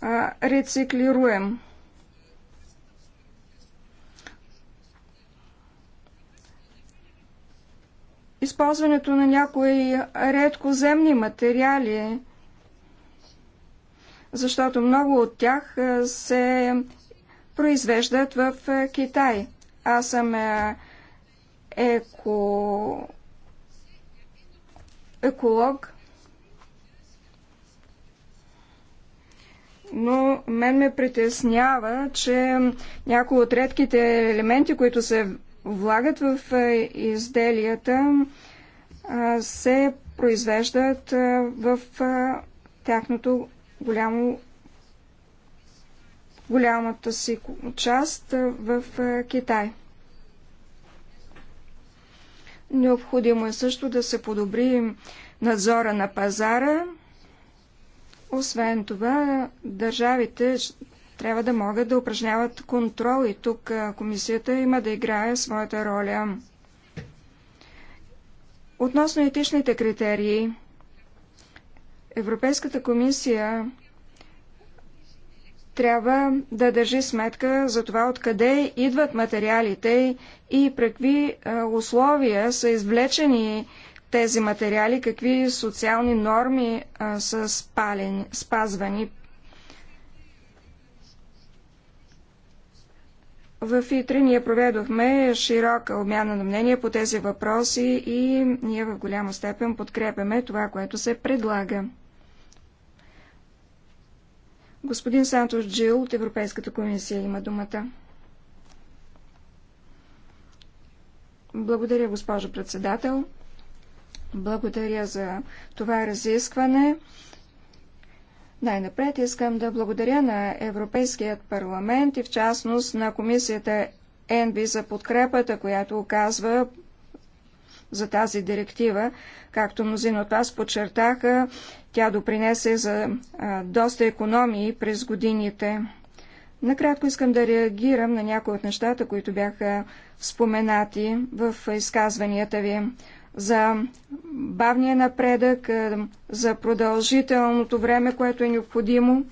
а, рециклируем. използването на някои редкоземни материали, защото много от тях е, се произвеждат в е, Китай. Аз съм е, еко... еколог, но мен ме притеснява, че някои от редките елементи, които се влагат в е, изделията, се произвеждат в тяхното голямо голямата си част в Китай. Необходимо е също да се подобри надзора на пазара. Освен това, държавите трябва да могат да упражняват контрол и тук комисията има да играе своята роля. Относно етичните критерии, Европейската комисия трябва да държи сметка за това откъде идват материалите и при какви условия са извлечени тези материали, какви социални норми са спазвани В ИТРИ ние проведохме широка обмяна на мнение по тези въпроси и ние в голяма степен подкрепяме това, което се предлага. Господин Сантош Джил от Европейската комисия има думата. Благодаря, госпожо председател. Благодаря за това разискване. Най-напред искам да благодаря на Европейският парламент и в частност на комисията ЕНВИ за подкрепата, която оказва за тази директива. Както мнозина от вас подчертаха, тя допринесе за а, доста економии през годините. Накратко искам да реагирам на някои от нещата, които бяха споменати в изказванията ви за бавния напредък, е, за продължителното време, което е необходимо.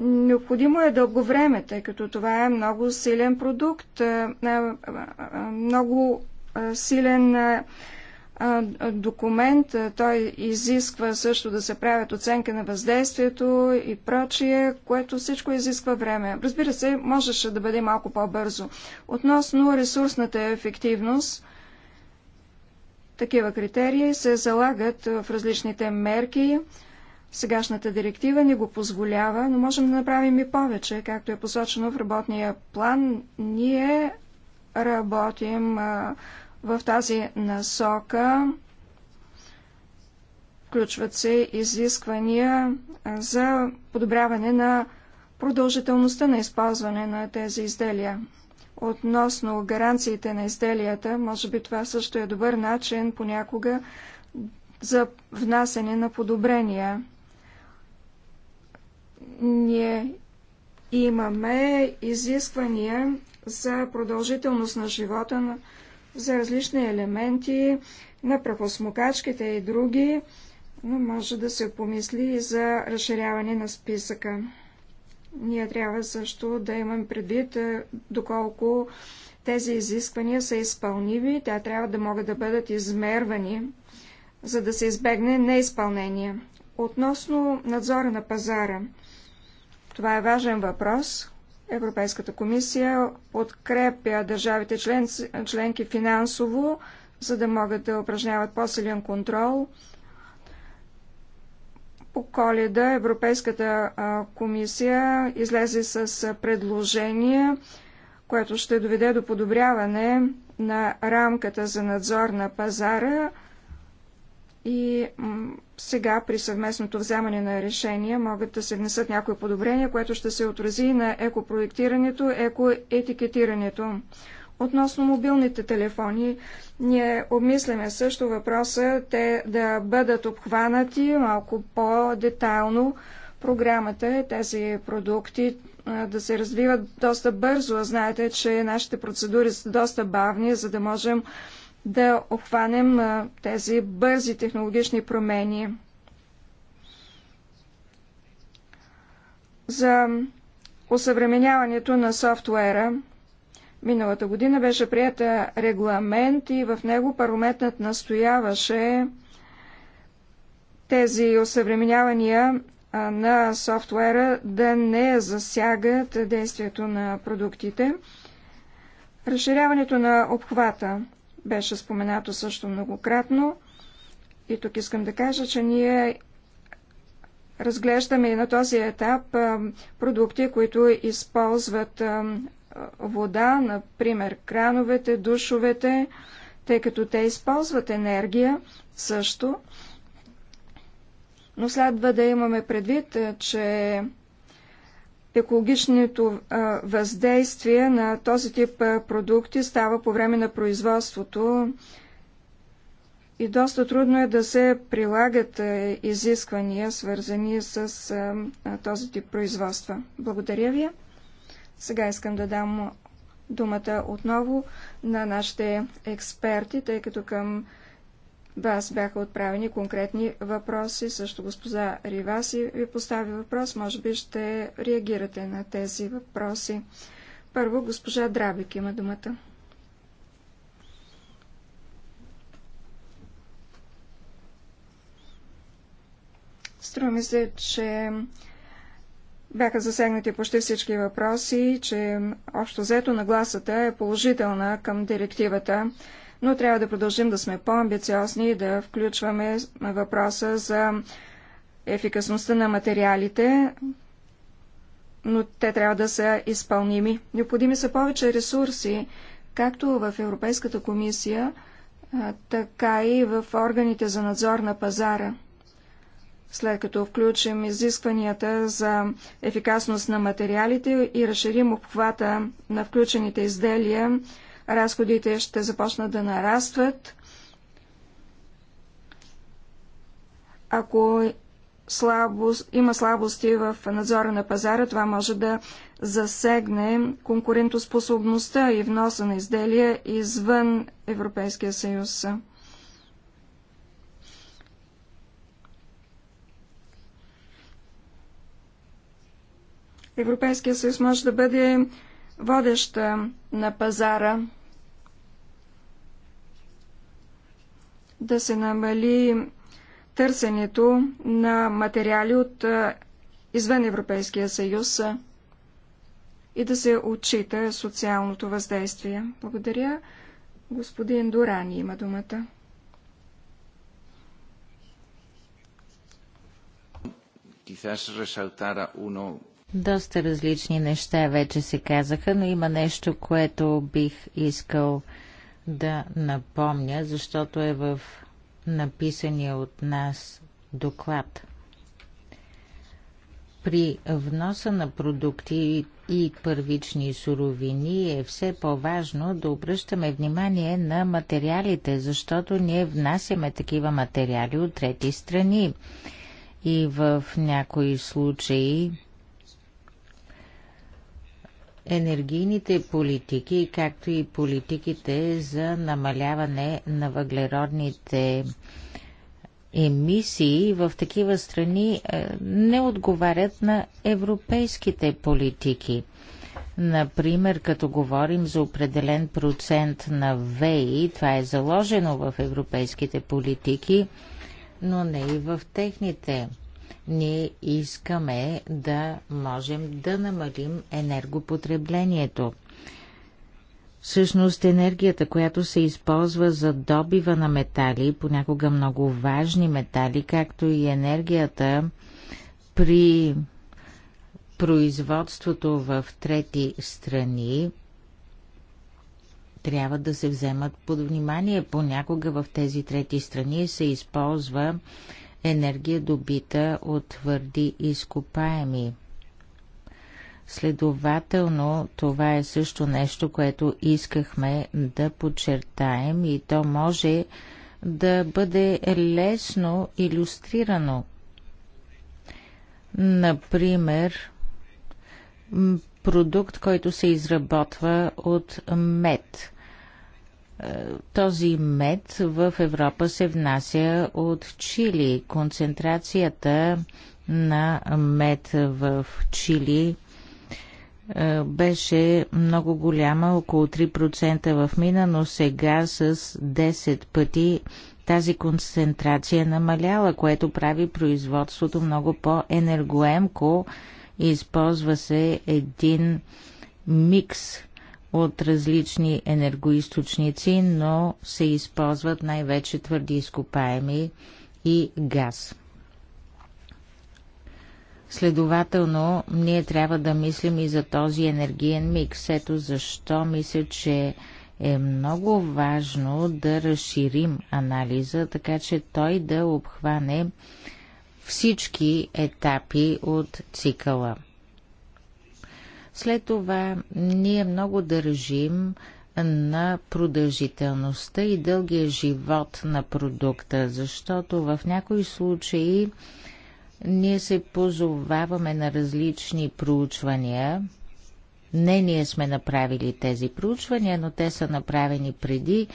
Необходимо е дълго време, тъй като това е много силен продукт, е, е, много силен документ. Той изисква също да се правят оценка на въздействието и прочие, което всичко изисква време. Разбира се, можеше да бъде малко по-бързо. Относно ресурсната ефективност, такива критерии се залагат в различните мерки. Сегашната директива ни го позволява, но можем да направим и повече. Както е посочено в работния план, ние работим в тази насока включват се изисквания за подобряване на продължителността на използване на тези изделия. Относно гаранциите на изделията, може би това също е добър начин понякога за внасене на подобрения. Ние имаме изисквания за продължителност на живота на за различни елементи на правосмокачките и други, но може да се помисли и за разширяване на списъка. Ние трябва също да имам предвид е, доколко тези изисквания са изпълниви, тя трябва да могат да бъдат измервани, за да се избегне неизпълнение. Относно надзора на пазара, това е важен въпрос, Европейската комисия подкрепя държавите член, членки финансово, за да могат да упражняват по-силен контрол. По коледа Европейската комисия излезе с предложение, което ще доведе до подобряване на рамката за надзор на пазара, и сега при съвместното вземане на решения могат да се внесат някои подобрения, което ще се отрази на екопроектирането, екоетикетирането. Относно мобилните телефони, ние обмисляме също въпроса те да бъдат обхванати малко по-детайлно. Програмата е тези продукти да се развиват доста бързо. Знаете, че нашите процедури са доста бавни, за да можем да обхванем тези бързи технологични промени. За осъвременяването на софтуера. Миналата година беше прията регламент и в него парламентът настояваше тези осъвременявания на софтуера да не засягат действието на продуктите. Разширяването на обхвата беше споменато също многократно. И тук искам да кажа, че ние разглеждаме и на този етап продукти, които използват вода, например крановете, душовете, тъй като те използват енергия също. Но следва да имаме предвид, че екологичното въздействие на този тип продукти става по време на производството и доста трудно е да се прилагат изисквания, свързани с този тип производства. Благодаря ви. Сега искам да дам думата отново на нашите експерти, тъй като към вас бяха отправени конкретни въпроси. Също госпожа Риваси ви постави въпрос. Може би ще реагирате на тези въпроси. Първо, госпожа Драбик има думата. Струва ми се, че бяха засегнати почти всички въпроси, че общо взето нагласата е положителна към директивата но трябва да продължим да сме по-амбициозни и да включваме въпроса за ефикасността на материалите, но те трябва да са изпълними. Необходими са повече ресурси, както в Европейската комисия, така и в органите за надзор на пазара. След като включим изискванията за ефикасност на материалите и разширим обхвата на включените изделия, разходите ще започнат да нарастват. Ако слабост, има слабости в надзора на пазара, това може да засегне конкурентоспособността и вноса на изделия извън Европейския съюз. Европейския съюз може да бъде водеща на пазара да се намали търсенето на материали от извън Европейския съюз и да се отчита социалното въздействие. Благодаря. Господин Дорани има думата. Доста различни неща вече се казаха, но има нещо, което бих искал да напомня, защото е в написания от нас доклад. При вноса на продукти и първични суровини е все по-важно да обръщаме внимание на материалите, защото ние внасяме такива материали от трети страни. И в някои случаи енергийните политики, както и политиките за намаляване на въглеродните емисии в такива страни е, не отговарят на европейските политики. Например, като говорим за определен процент на ВЕИ, това е заложено в европейските политики, но не и в техните. Ние искаме да можем да намалим енергопотреблението. Всъщност енергията, която се използва за добива на метали, понякога много важни метали, както и енергията при производството в трети страни, трябва да се вземат под внимание. Понякога в тези трети страни се използва енергия добита от твърди изкопаеми. Следователно, това е също нещо, което искахме да подчертаем и то може да бъде лесно иллюстрирано. Например, продукт, който се изработва от мед – е, този мед в Европа се внася от Чили. Концентрацията на мед в Чили е, беше много голяма, около 3% в мина, но сега с 10 пъти тази концентрация намаляла, което прави производството много по-енергоемко. Използва се един микс от различни енергоисточници, но се използват най-вече твърди изкопаеми и газ. Следователно, ние трябва да мислим и за този енергиен микс. Ето защо мисля, че е много важно да разширим анализа, така че той да обхване всички етапи от цикъла. След това ние много държим на продължителността и дългия живот на продукта, защото в някои случаи ние се позоваваме на различни проучвания. Не ние сме направили тези проучвания, но те са направени преди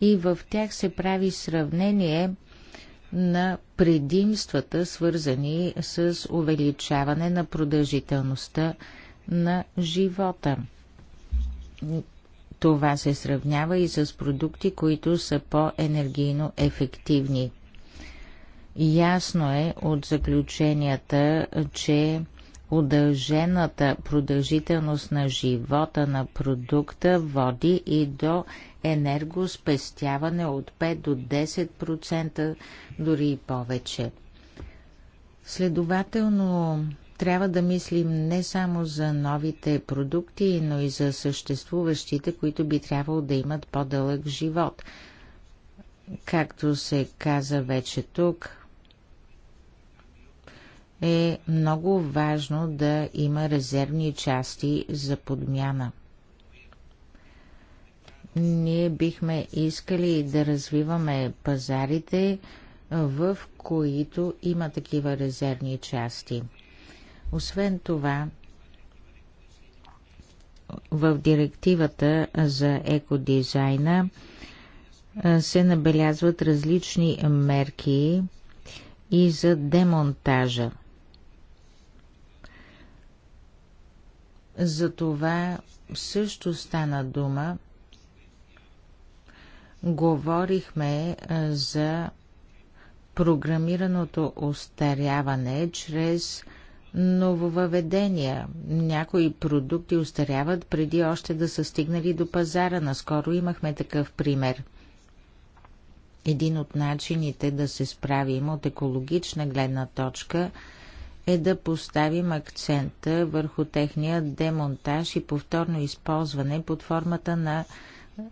и в тях се прави сравнение на предимствата, свързани с увеличаване на продължителността на живота. Това се сравнява и с продукти, които са по-енергийно ефективни. Ясно е от заключенията, че удължената продължителност на живота на продукта води и до енергоспестяване от 5 до 10%, дори и повече. Следователно, трябва да мислим не само за новите продукти, но и за съществуващите, които би трябвало да имат по-дълъг живот. Както се каза вече тук, е много важно да има резервни части за подмяна. Ние бихме искали да развиваме пазарите, в които има такива резервни части. Освен това, в директивата за екодизайна се набелязват различни мерки и за демонтажа. За това също стана дума. Говорихме за програмираното остаряване чрез нововъведения. Някои продукти устаряват преди още да са стигнали до пазара. Наскоро имахме такъв пример. Един от начините да се справим от екологична гледна точка е да поставим акцента върху техния демонтаж и повторно използване под формата на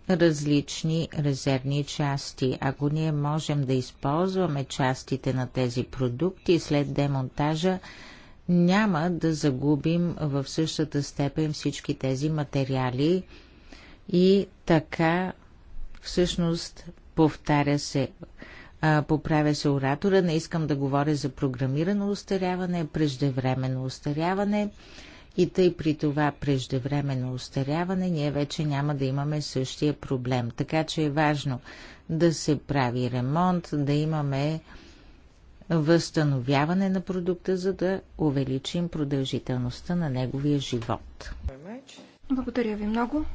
различни резервни части. Ако ние можем да използваме частите на тези продукти след демонтажа, няма да загубим в същата степен всички тези материали и така всъщност повтаря се поправя се оратора, не искам да говоря за програмирано устаряване, преждевременно устаряване и тъй при това преждевременно устаряване ние вече няма да имаме същия проблем. Така че е важно да се прави ремонт, да имаме възстановяване на продукта, за да увеличим продължителността на неговия живот. Благодаря ви много.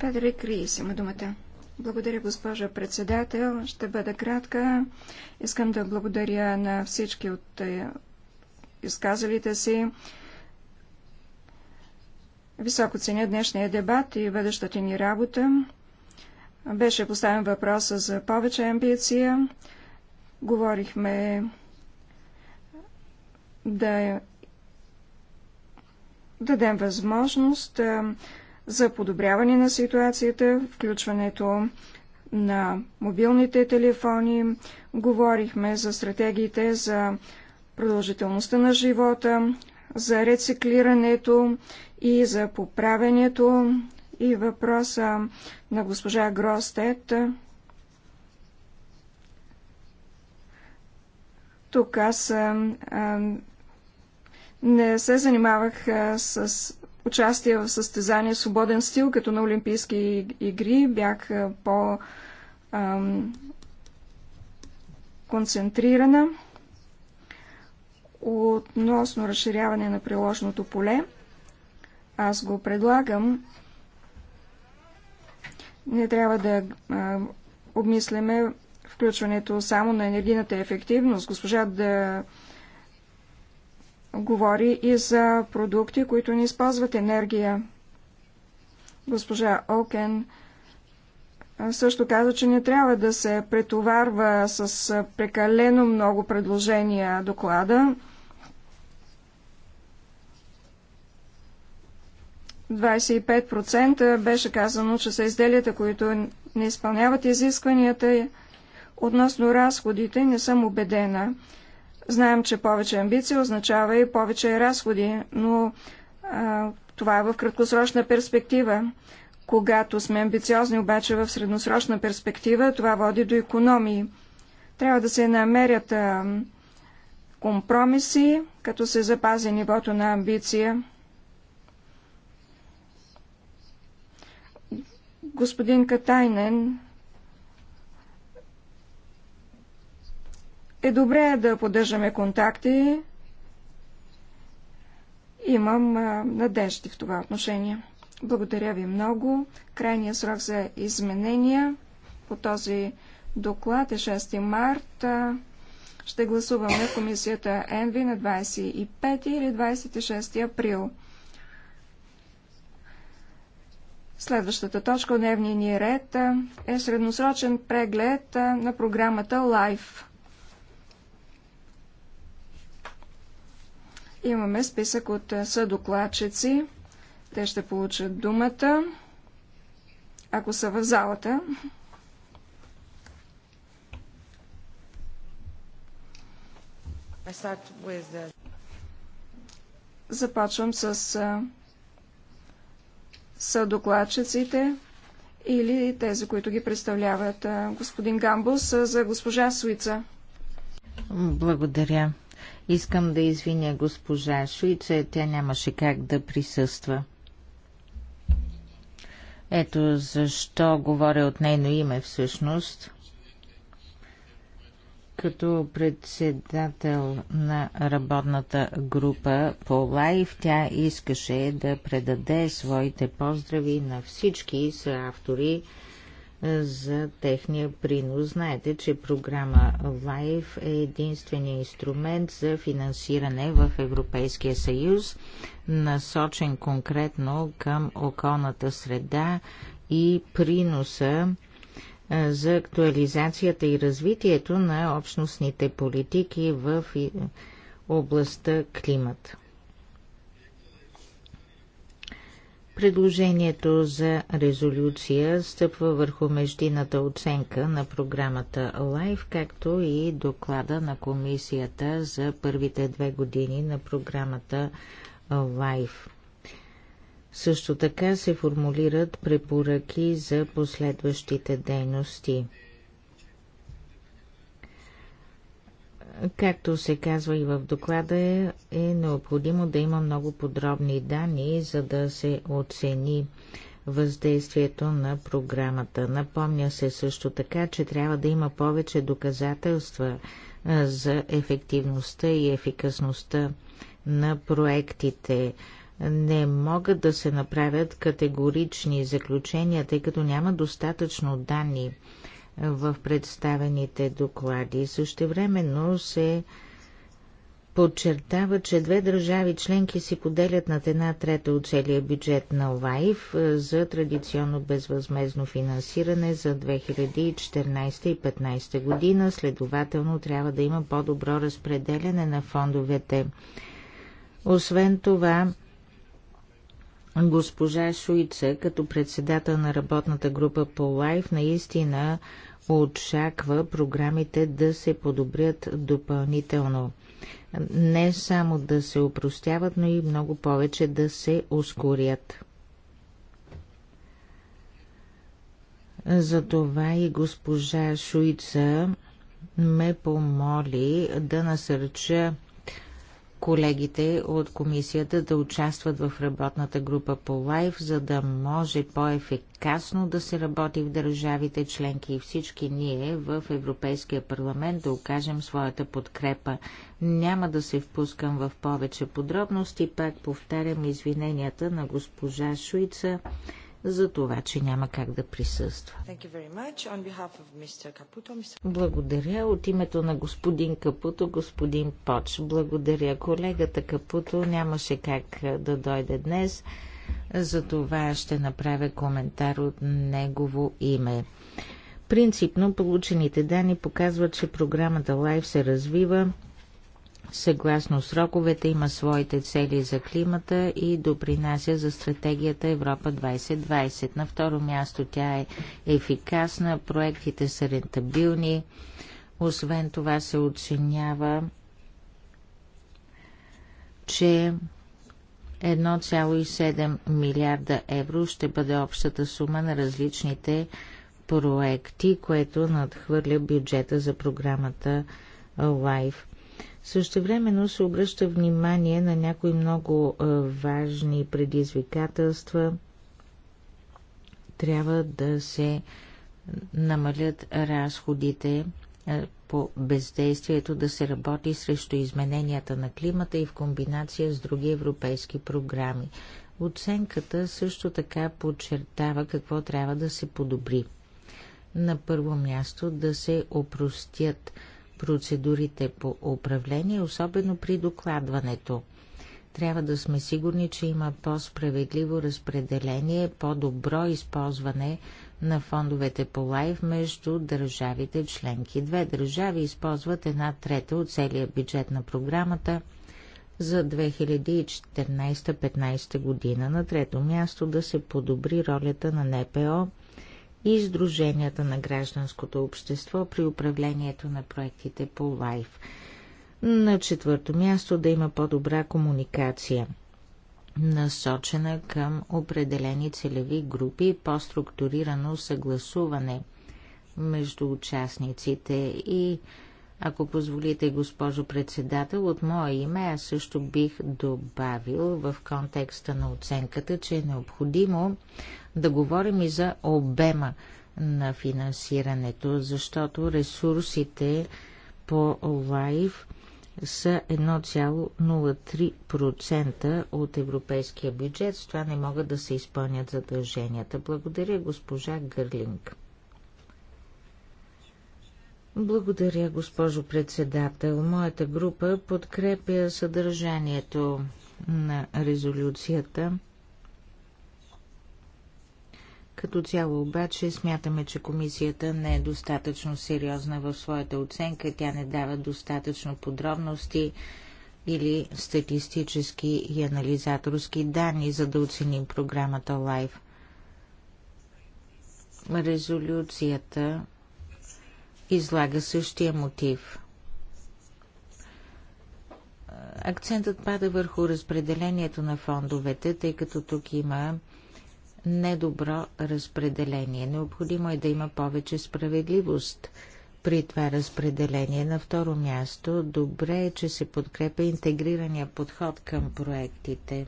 Педри Крис има думата. Благодаря, госпожа председател. Ще бъда кратка. Искам да благодаря на всички от е, изказалите си. Високо ценя днешния дебат и бъдещата ни работа. Беше поставен въпроса за повече амбиция. Говорихме да дадем възможност за подобряване на ситуацията, включването на мобилните телефони. Говорихме за стратегиите за продължителността на живота, за рециклирането и за поправенето и въпроса на госпожа Гростет. Тук аз не се занимавах с участие в състезание в свободен стил, като на Олимпийски игри. Бях по концентрирана относно разширяване на приложното поле. Аз го предлагам ние трябва да а, обмисляме включването само на енергийната ефективност. Госпожа да говори и за продукти, които не използват енергия. Госпожа Окен също каза, че не трябва да се претоварва с прекалено много предложения доклада. 25% беше казано, че са изделията, които не изпълняват изискванията. Относно разходите не съм убедена. Знаем, че повече амбиция означава и повече разходи, но а, това е в краткосрочна перспектива. Когато сме амбициозни обаче в средносрочна перспектива, това води до економии. Трябва да се намерят а, компромиси, като се запази нивото на амбиция. Господин Катайнен е добре да поддържаме контакти. Имам надежди в това отношение. Благодаря ви много. Крайният срок за изменения по този доклад е 6 марта. Ще гласуваме в комисията ЕНВИ на 25 или 26 април. Следващата точка от дневния ни ред е средносрочен преглед на програмата LIFE. Имаме списък от съдокладчици. Те ще получат думата, ако са в залата. Започвам с са докладчиците или тези, които ги представляват. Господин Гамбус за госпожа Суица. Благодаря. Искам да извиня госпожа Шуица, тя нямаше как да присъства. Ето защо говоря от нейно име всъщност. Като председател на работната група по лайв, тя искаше да предаде своите поздрави на всички автори е, за техния принос. Знаете, че програма LIFE е единствения инструмент за финансиране в Европейския съюз, насочен конкретно към околната среда и приноса за актуализацията и развитието на общностните политики в областта климат. Предложението за резолюция стъпва върху междината оценка на програмата LIFE, както и доклада на комисията за първите две години на програмата LIFE. Също така се формулират препоръки за последващите дейности. Както се казва и в доклада, е, необходимо да има много подробни данни, за да се оцени въздействието на програмата. Напомня се също така, че трябва да има повече доказателства за ефективността и ефикасността на проектите не могат да се направят категорични заключения, тъй като няма достатъчно данни в представените доклади. Същевременно се подчертава, че две държави членки си поделят над една трета от целия бюджет на ОВАИФ е, за традиционно безвъзмезно финансиране за 2014 и 2015 година. Следователно трябва да има по-добро разпределяне на фондовете. Освен това, Госпожа Шуица, като председател на работната група по лайф, наистина очаква програмите да се подобрят допълнително. Не само да се упростяват, но и много повече да се ускорят. Затова и госпожа Шуица ме помоли да насърча колегите от комисията да участват в работната група по лайф, за да може по-ефикасно да се работи в държавите членки и всички ние в Европейския парламент да окажем своята подкрепа. Няма да се впускам в повече подробности, пак повтарям извиненията на госпожа Шуица за това, че няма как да присъства. Благодаря от името на господин Капуто, господин Поч. Благодаря колегата Капуто. Нямаше как да дойде днес. За това ще направя коментар от негово име. Принципно получените данни показват, че програмата Live се развива съгласно сроковете има своите цели за климата и допринася за стратегията Европа 2020. На второ място тя е ефикасна, проектите са рентабилни, освен това се оценява, че 1,7 милиарда евро ще бъде общата сума на различните проекти, което надхвърля бюджета за програмата Life Същевременно се обръща внимание на някои много важни предизвикателства. Трябва да се намалят разходите по бездействието, да се работи срещу измененията на климата и в комбинация с други европейски програми. Оценката също така подчертава какво трябва да се подобри. На първо място да се опростят процедурите по управление, особено при докладването. Трябва да сме сигурни, че има по-справедливо разпределение, по-добро използване на фондовете по лайф между държавите членки. Две държави използват една трета от целия бюджет на програмата за 2014-15 година. На трето място да се подобри ролята на НПО – и Сдруженията на гражданското общество при управлението на проектите по ЛАЙФ. На четвърто място да има по-добра комуникация, насочена към определени целеви групи и по-структурирано съгласуване между участниците и ако позволите, госпожо председател, от мое име аз също бих добавил в контекста на оценката, че е необходимо да говорим и за обема на финансирането, защото ресурсите по лайф са 1,03% от европейския бюджет. С това не могат да се изпълнят задълженията. Благодаря, госпожа Гърлинг. Благодаря, госпожо председател. Моята група подкрепя съдържанието на резолюцията. Като цяло обаче смятаме, че комисията не е достатъчно сериозна в своята оценка. Тя не дава достатъчно подробности или статистически и анализаторски данни, за да оценим програмата LIFE. Резолюцията излага същия мотив. Акцентът пада върху разпределението на фондовете, тъй като тук има недобро разпределение. Необходимо е да има повече справедливост при това разпределение. На второ място, добре е, че се подкрепя интегрирания подход към проектите,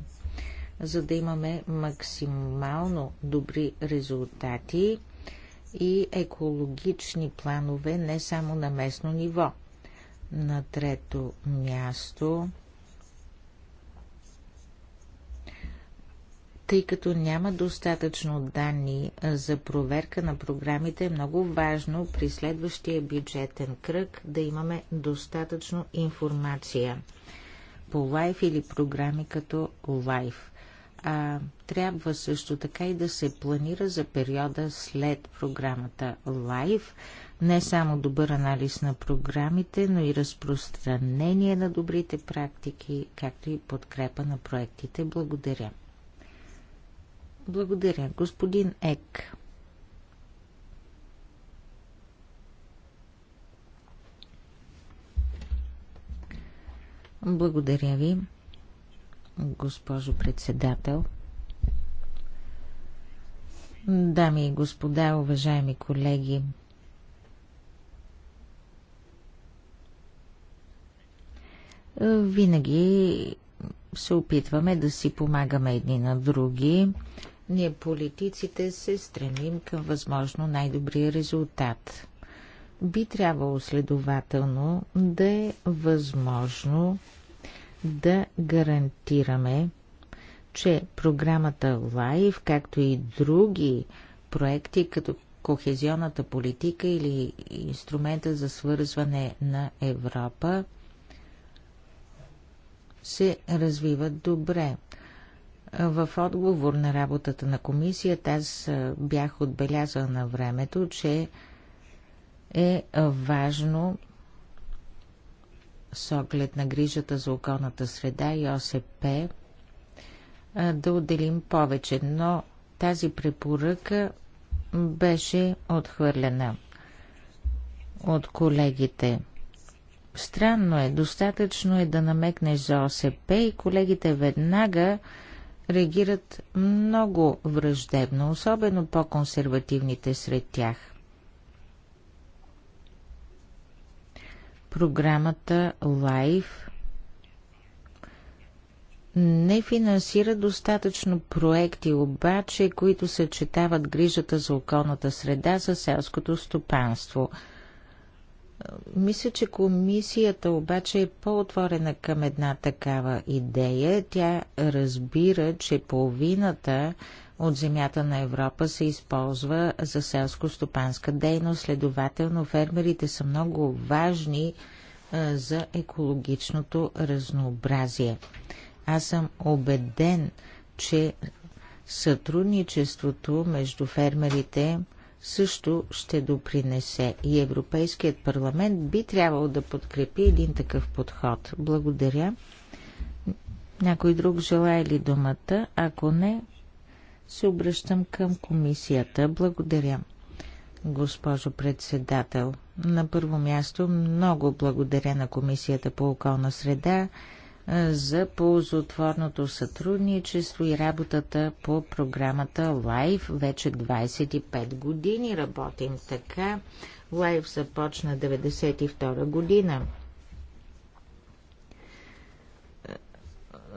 за да имаме максимално добри резултати и екологични планове не само на местно ниво. На трето място, тъй като няма достатъчно данни за проверка на програмите, е много важно при следващия бюджетен кръг да имаме достатъчно информация по лайф или програми като лайф а трябва също така и да се планира за периода след програмата LIFE, не само добър анализ на програмите, но и разпространение на добрите практики, както и подкрепа на проектите. Благодаря. Благодаря, господин Ек. Благодаря ви госпожо председател. Дами и господа, уважаеми колеги, винаги се опитваме да си помагаме едни на други. Ние политиците се стремим към възможно най-добрия резултат. Би трябвало следователно да е възможно да гарантираме, че програмата ЛАИФ, както и други проекти, като кохезионната политика или инструмента за свързване на Европа, се развиват добре. В отговор на работата на комисията аз бях отбелязал на времето, че е важно с оглед на грижата за околната среда и ОСП да отделим повече, но тази препоръка беше отхвърлена от колегите. Странно е, достатъчно е да намекнеш за ОСП и колегите веднага реагират много враждебно, особено по-консервативните сред тях. Програмата LIFE не финансира достатъчно проекти, обаче, които съчетават грижата за околната среда за селското стопанство. Мисля, че комисията обаче е по-отворена към една такава идея. Тя разбира, че половината от земята на Европа се използва за селско-стопанска дейност. Следователно, фермерите са много важни а, за екологичното разнообразие. Аз съм убеден, че сътрудничеството между фермерите също ще допринесе и Европейският парламент би трябвало да подкрепи един такъв подход. Благодаря. Някой друг желая ли думата? Ако не, се обръщам към комисията. Благодаря, госпожо председател. На първо място много благодаря на Комисията по околна среда за ползотворното сътрудничество и работата по програмата LIFE. Вече 25 години работим така. LIFE започна 1992 година.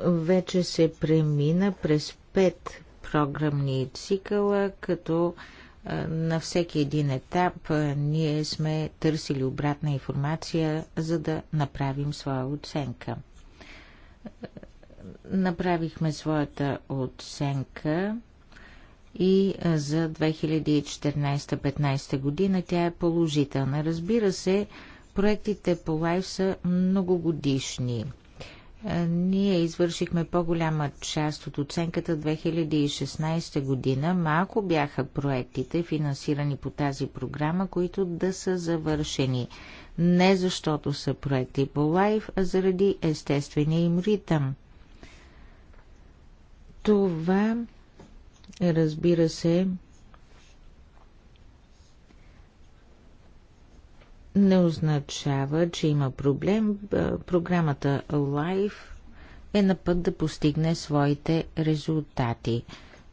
Вече се премина през пет програмни цикъла, като на всеки един етап ние сме търсили обратна информация, за да направим своя оценка. Направихме своята оценка и за 2014-15 година тя е положителна. Разбира се, проектите по лайф са многогодишни. Е, ние извършихме по-голяма част от оценката 2016 година. Малко бяха проектите, финансирани по тази програма, които да са завършени. Не защото са проекти по лайф, а заради естествения им ритъм. Това, разбира се, не означава, че има проблем. Програмата LIFE е на път да постигне своите резултати.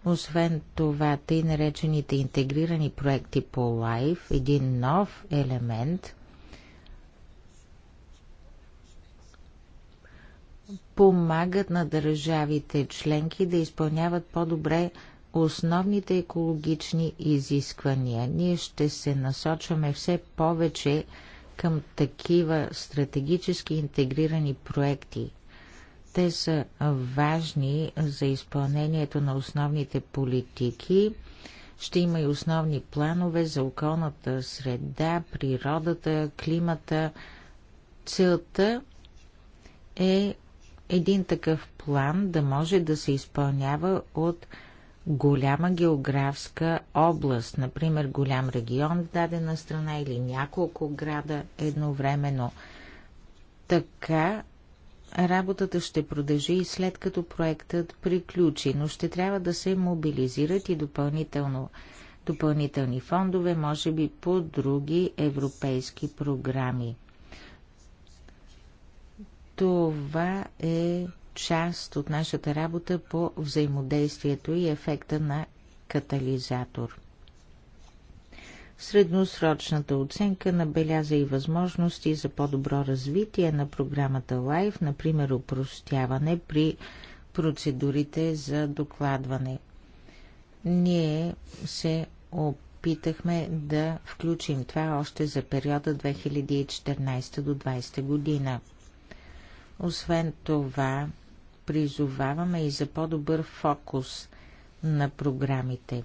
Освен това, тъй наречените интегрирани проекти по LIFE, един нов елемент, помагат на държавите членки да изпълняват по-добре основните екологични изисквания. Ние ще се насочваме все повече към такива стратегически интегрирани проекти. Те са важни за изпълнението на основните политики. Ще има и основни планове за околната среда, природата, климата. Целта е един такъв план да може да се изпълнява от голяма географска област, например голям регион в дадена страна или няколко града едновременно. Така работата ще продължи и след като проектът приключи, но ще трябва да се мобилизират и допълнително допълнителни фондове, може би по други европейски програми. Това е част от нашата работа по взаимодействието и ефекта на катализатор. Средносрочната оценка набеляза и възможности за по-добро развитие на програмата LIFE, например упростяване при процедурите за докладване. Ние се опитахме да включим това още за периода 2014 до 2020 година. Освен това, призоваваме и за по-добър фокус на програмите.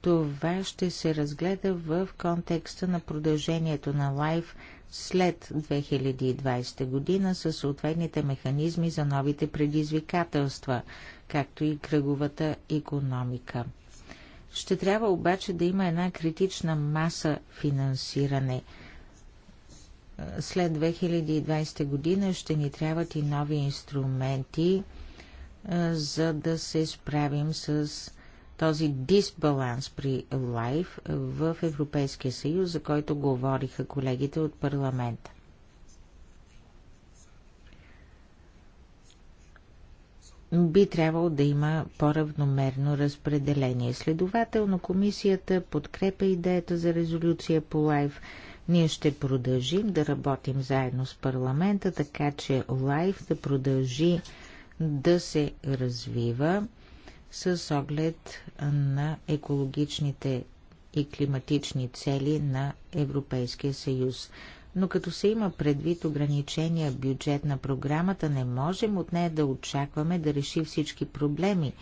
Това ще се разгледа в контекста на продължението на Life след 2020 година със съответните механизми за новите предизвикателства, както и кръговата економика. Ще трябва обаче да има една критична маса финансиране – след 2020 година ще ни трябват и нови инструменти, за да се справим с този дисбаланс при лайф в Европейския съюз, за който говориха колегите от парламента. би трябвало да има по-равномерно разпределение. Следователно, комисията подкрепя идеята за резолюция по лайф. Ние ще продължим да работим заедно с парламента, така че лайф да продължи да се развива с оглед на екологичните и климатични цели на Европейския съюз. Но като се има предвид ограничения бюджет на програмата, не можем от нея да очакваме да реши всички проблеми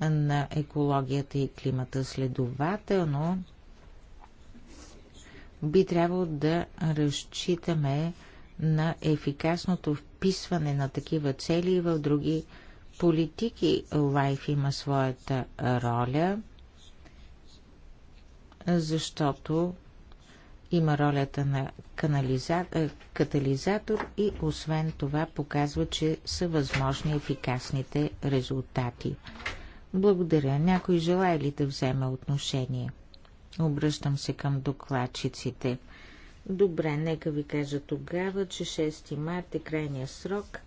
на екологията и климата. Следователно, би трябвало да разчитаме на ефикасното вписване на такива цели и в други политики. Лайф има своята роля, защото има ролята на канализа... Е, катализатор и освен това показва, че са възможни ефикасните резултати. Благодаря. Някой желая ли да вземе отношение? Обръщам се към докладчиците. Добре, нека ви кажа тогава, че 6 март е крайния срок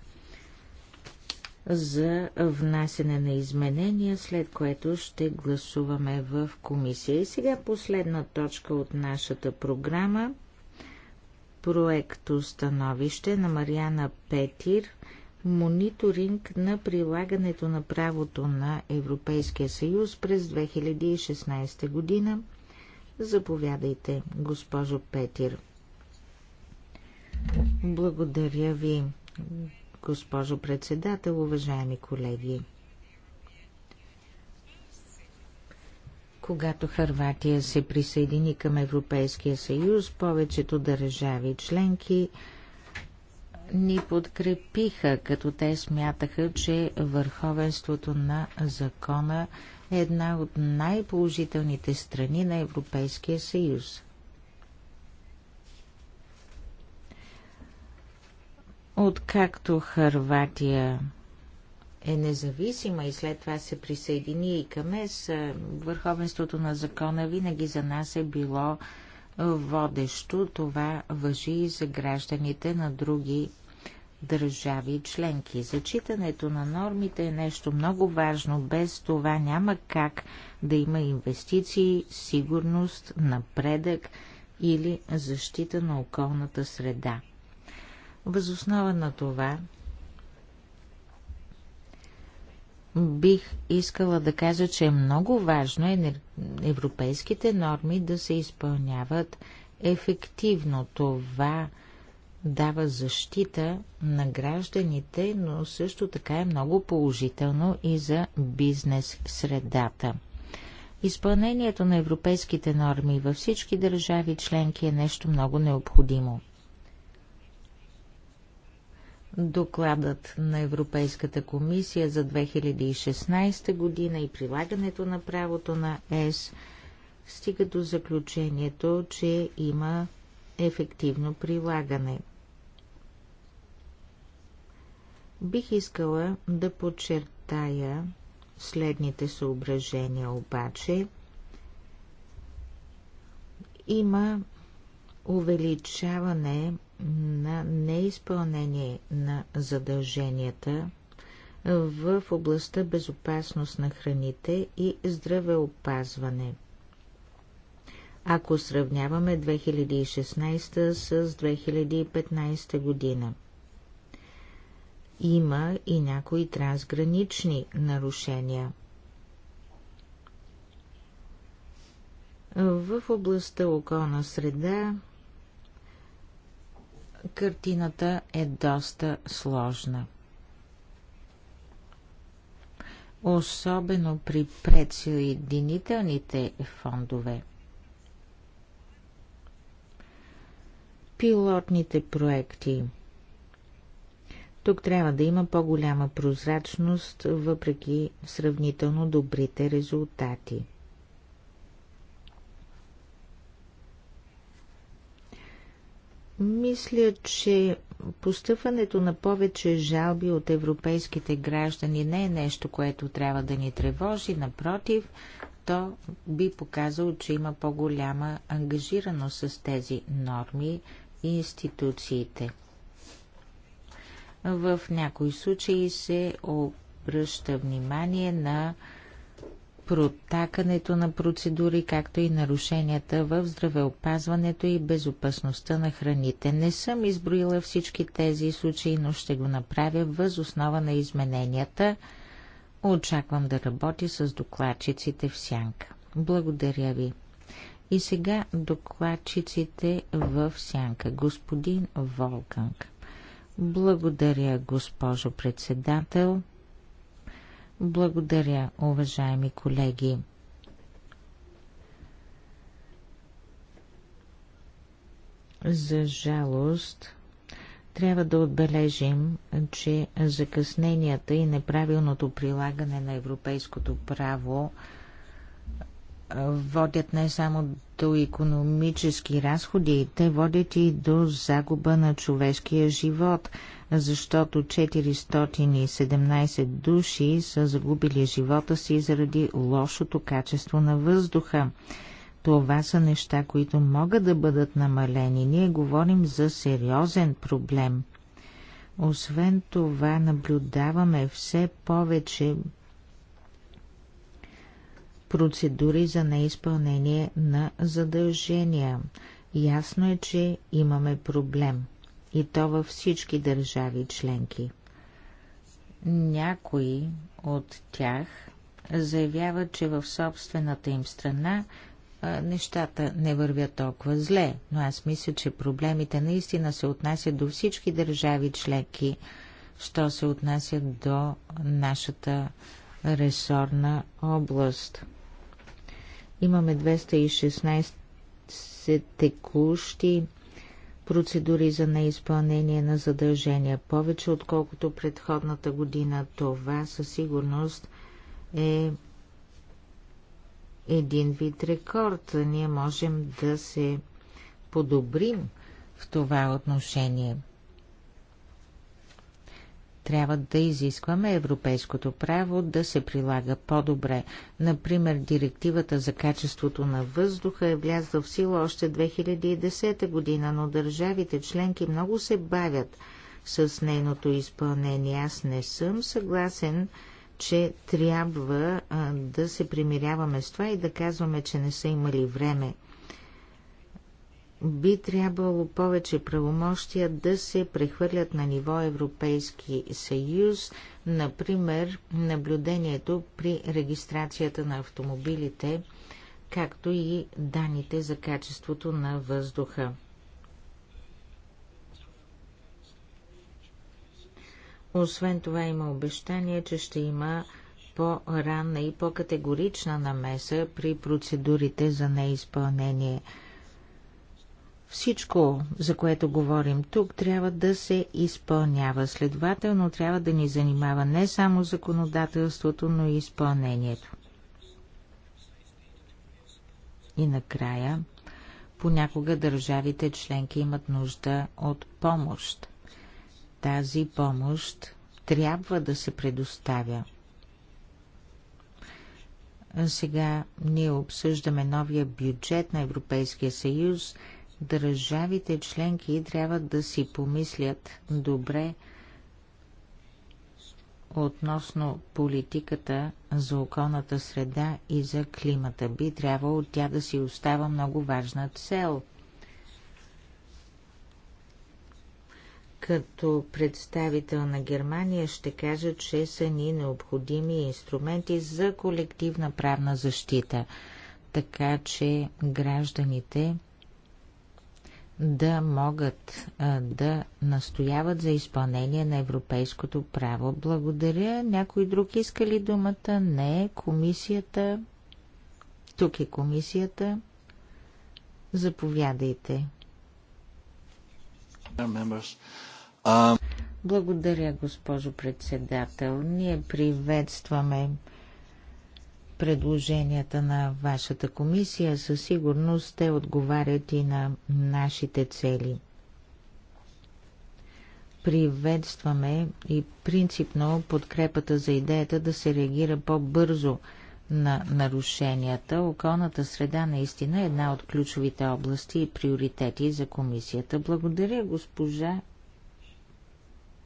за внасене на изменения, след което ще гласуваме в комисия. И сега последна точка от нашата програма. Проекто становище на Марияна Петир мониторинг на прилагането на правото на Европейския съюз през 2016 година – Заповядайте, госпожо Петир. Благодаря ви, госпожо председател, уважаеми колеги. Когато Харватия се присъедини към Европейския съюз, повечето държави членки ни подкрепиха, като те смятаха, че върховенството на закона една от най-положителните страни на Европейския съюз. Откакто Харватия е независима и след това се присъедини и към ЕС, върховенството на закона винаги за нас е било водещо. Това въжи и за гражданите на други държави и членки. Зачитането на нормите е нещо много важно. Без това няма как да има инвестиции, сигурност, напредък или защита на околната среда. Възоснова на това бих искала да кажа, че е много важно европейските норми да се изпълняват ефективно. Това е дава защита на гражданите, но също така е много положително и за бизнес средата. Изпълнението на европейските норми във всички държави членки е нещо много необходимо. Докладът на Европейската комисия за 2016 година и прилагането на правото на ЕС стига до заключението, че има ефективно прилагане. Бих искала да подчертая следните съображения обаче. Има увеличаване на неизпълнение на задълженията в областта безопасност на храните и здравеопазване. Ако сравняваме 2016 с 2015 година – има и някои трансгранични нарушения. В областта околна среда картината е доста сложна. Особено при предсъединителните фондове. Пилотните проекти – тук трябва да има по-голяма прозрачност, въпреки сравнително добрите резултати. Мисля, че постъпването на повече жалби от европейските граждани не е нещо, което трябва да ни тревожи. Напротив, то би показало, че има по-голяма ангажираност с тези норми и институциите. В някои случаи се обръща внимание на протакането на процедури, както и нарушенията в здравеопазването и безопасността на храните. Не съм изброила всички тези случаи, но ще го направя въз основа на измененията. Очаквам да работи с докладчиците в сянка. Благодаря ви. И сега докладчиците в сянка. Господин Волканг. Благодаря, госпожо председател. Благодаря, уважаеми колеги. За жалост, трябва да отбележим, че закъсненията и неправилното прилагане на европейското право – водят не само до економически разходи, те водят и до загуба на човешкия живот, защото 417 души са загубили живота си заради лошото качество на въздуха. Това са неща, които могат да бъдат намалени. Ние говорим за сериозен проблем. Освен това, наблюдаваме все повече процедури за неизпълнение на задължения. Ясно е, че имаме проблем. И то във всички държави членки. Някои от тях заявяват, че в собствената им страна нещата не вървят толкова зле, но аз мисля, че проблемите наистина се отнасят до всички държави членки, що се отнасят до нашата ресорна област – Имаме 216 текущи процедури за неизпълнение на задължения, повече отколкото предходната година. Това със сигурност е един вид рекорд. Ние можем да се подобрим в това отношение – трябва да изискваме европейското право да се прилага по-добре. Например, директивата за качеството на въздуха е влязла в сила още 2010 година, но държавите членки много се бавят с нейното изпълнение. Аз не съм съгласен, че трябва а, да се примиряваме с това и да казваме, че не са имали време би трябвало повече правомощия да се прехвърлят на ниво Европейски съюз, например наблюдението при регистрацията на автомобилите, както и данните за качеството на въздуха. Освен това има обещание, че ще има по-ранна и по-категорична намеса при процедурите за неизпълнение – всичко, за което говорим тук, трябва да се изпълнява. Следователно, трябва да ни занимава не само законодателството, но и изпълнението. И накрая, понякога държавите членки имат нужда от помощ. Тази помощ трябва да се предоставя. Сега ние обсъждаме новия бюджет на Европейския съюз – Държавите членки трябва да си помислят добре относно политиката за околната среда и за климата. Би трябвало тя да си остава много важна цел. Като представител на Германия ще кажа, че са ни необходими инструменти за колективна правна защита, така че гражданите да могат да настояват за изпълнение на европейското право. Благодаря. Някой друг иска ли думата? Не. Комисията. Тук е комисията. Заповядайте. Благодаря, госпожо председател. Ние приветстваме предложенията на вашата комисия. Със сигурност те отговарят и на нашите цели. Приветстваме и принципно подкрепата за идеята да се реагира по-бързо на нарушенията. Околната среда наистина е една от ключовите области и приоритети за комисията. Благодаря, госпожа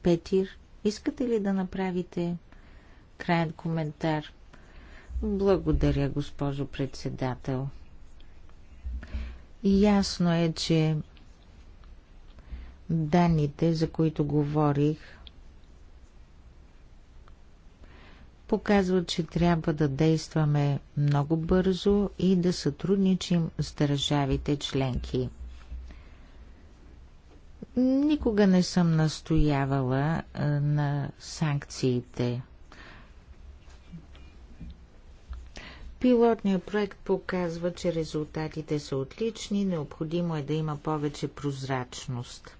Петир. Искате ли да направите краен коментар? Благодаря, госпожо председател. Ясно е, че данните, за които говорих, показват, че трябва да действаме много бързо и да сътрудничим с държавите членки. Никога не съм настоявала на санкциите – Пилотният проект показва, че резултатите са отлични, необходимо е да има повече прозрачност.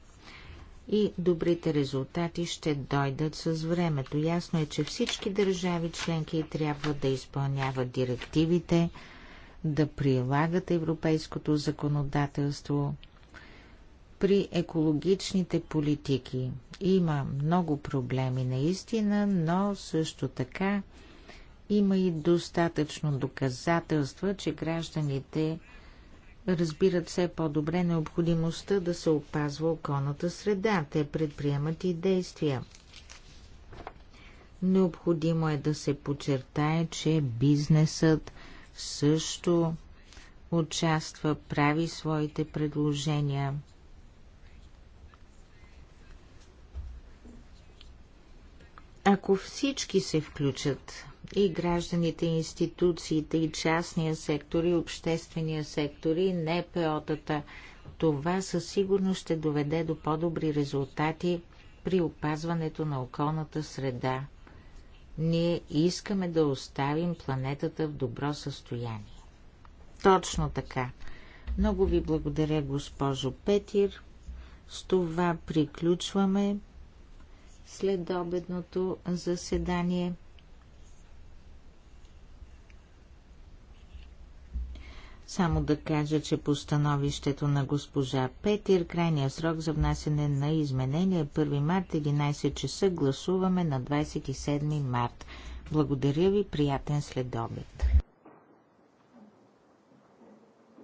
И добрите резултати ще дойдат с времето. Ясно е, че всички държави членки трябва да изпълняват директивите, да прилагат европейското законодателство при екологичните политики. Има много проблеми наистина, но също така има и достатъчно доказателства, че гражданите разбират все по-добре необходимостта да се опазва околната среда. Те предприемат и действия. Необходимо е да се подчертае, че бизнесът също участва, прави своите предложения. Ако всички се включат и гражданите, институциите, и частния сектор, и обществения сектор, и НПО-тата. Това със сигурност ще доведе до по-добри резултати при опазването на околната среда. Ние искаме да оставим планетата в добро състояние. Точно така. Много ви благодаря, госпожо Петир. С това приключваме следобедното заседание. Само да кажа, че по становището на госпожа Петир, крайният срок за внасене на изменения е 1 март 11 часа. Гласуваме на 27 март. Благодаря ви, приятен следобед.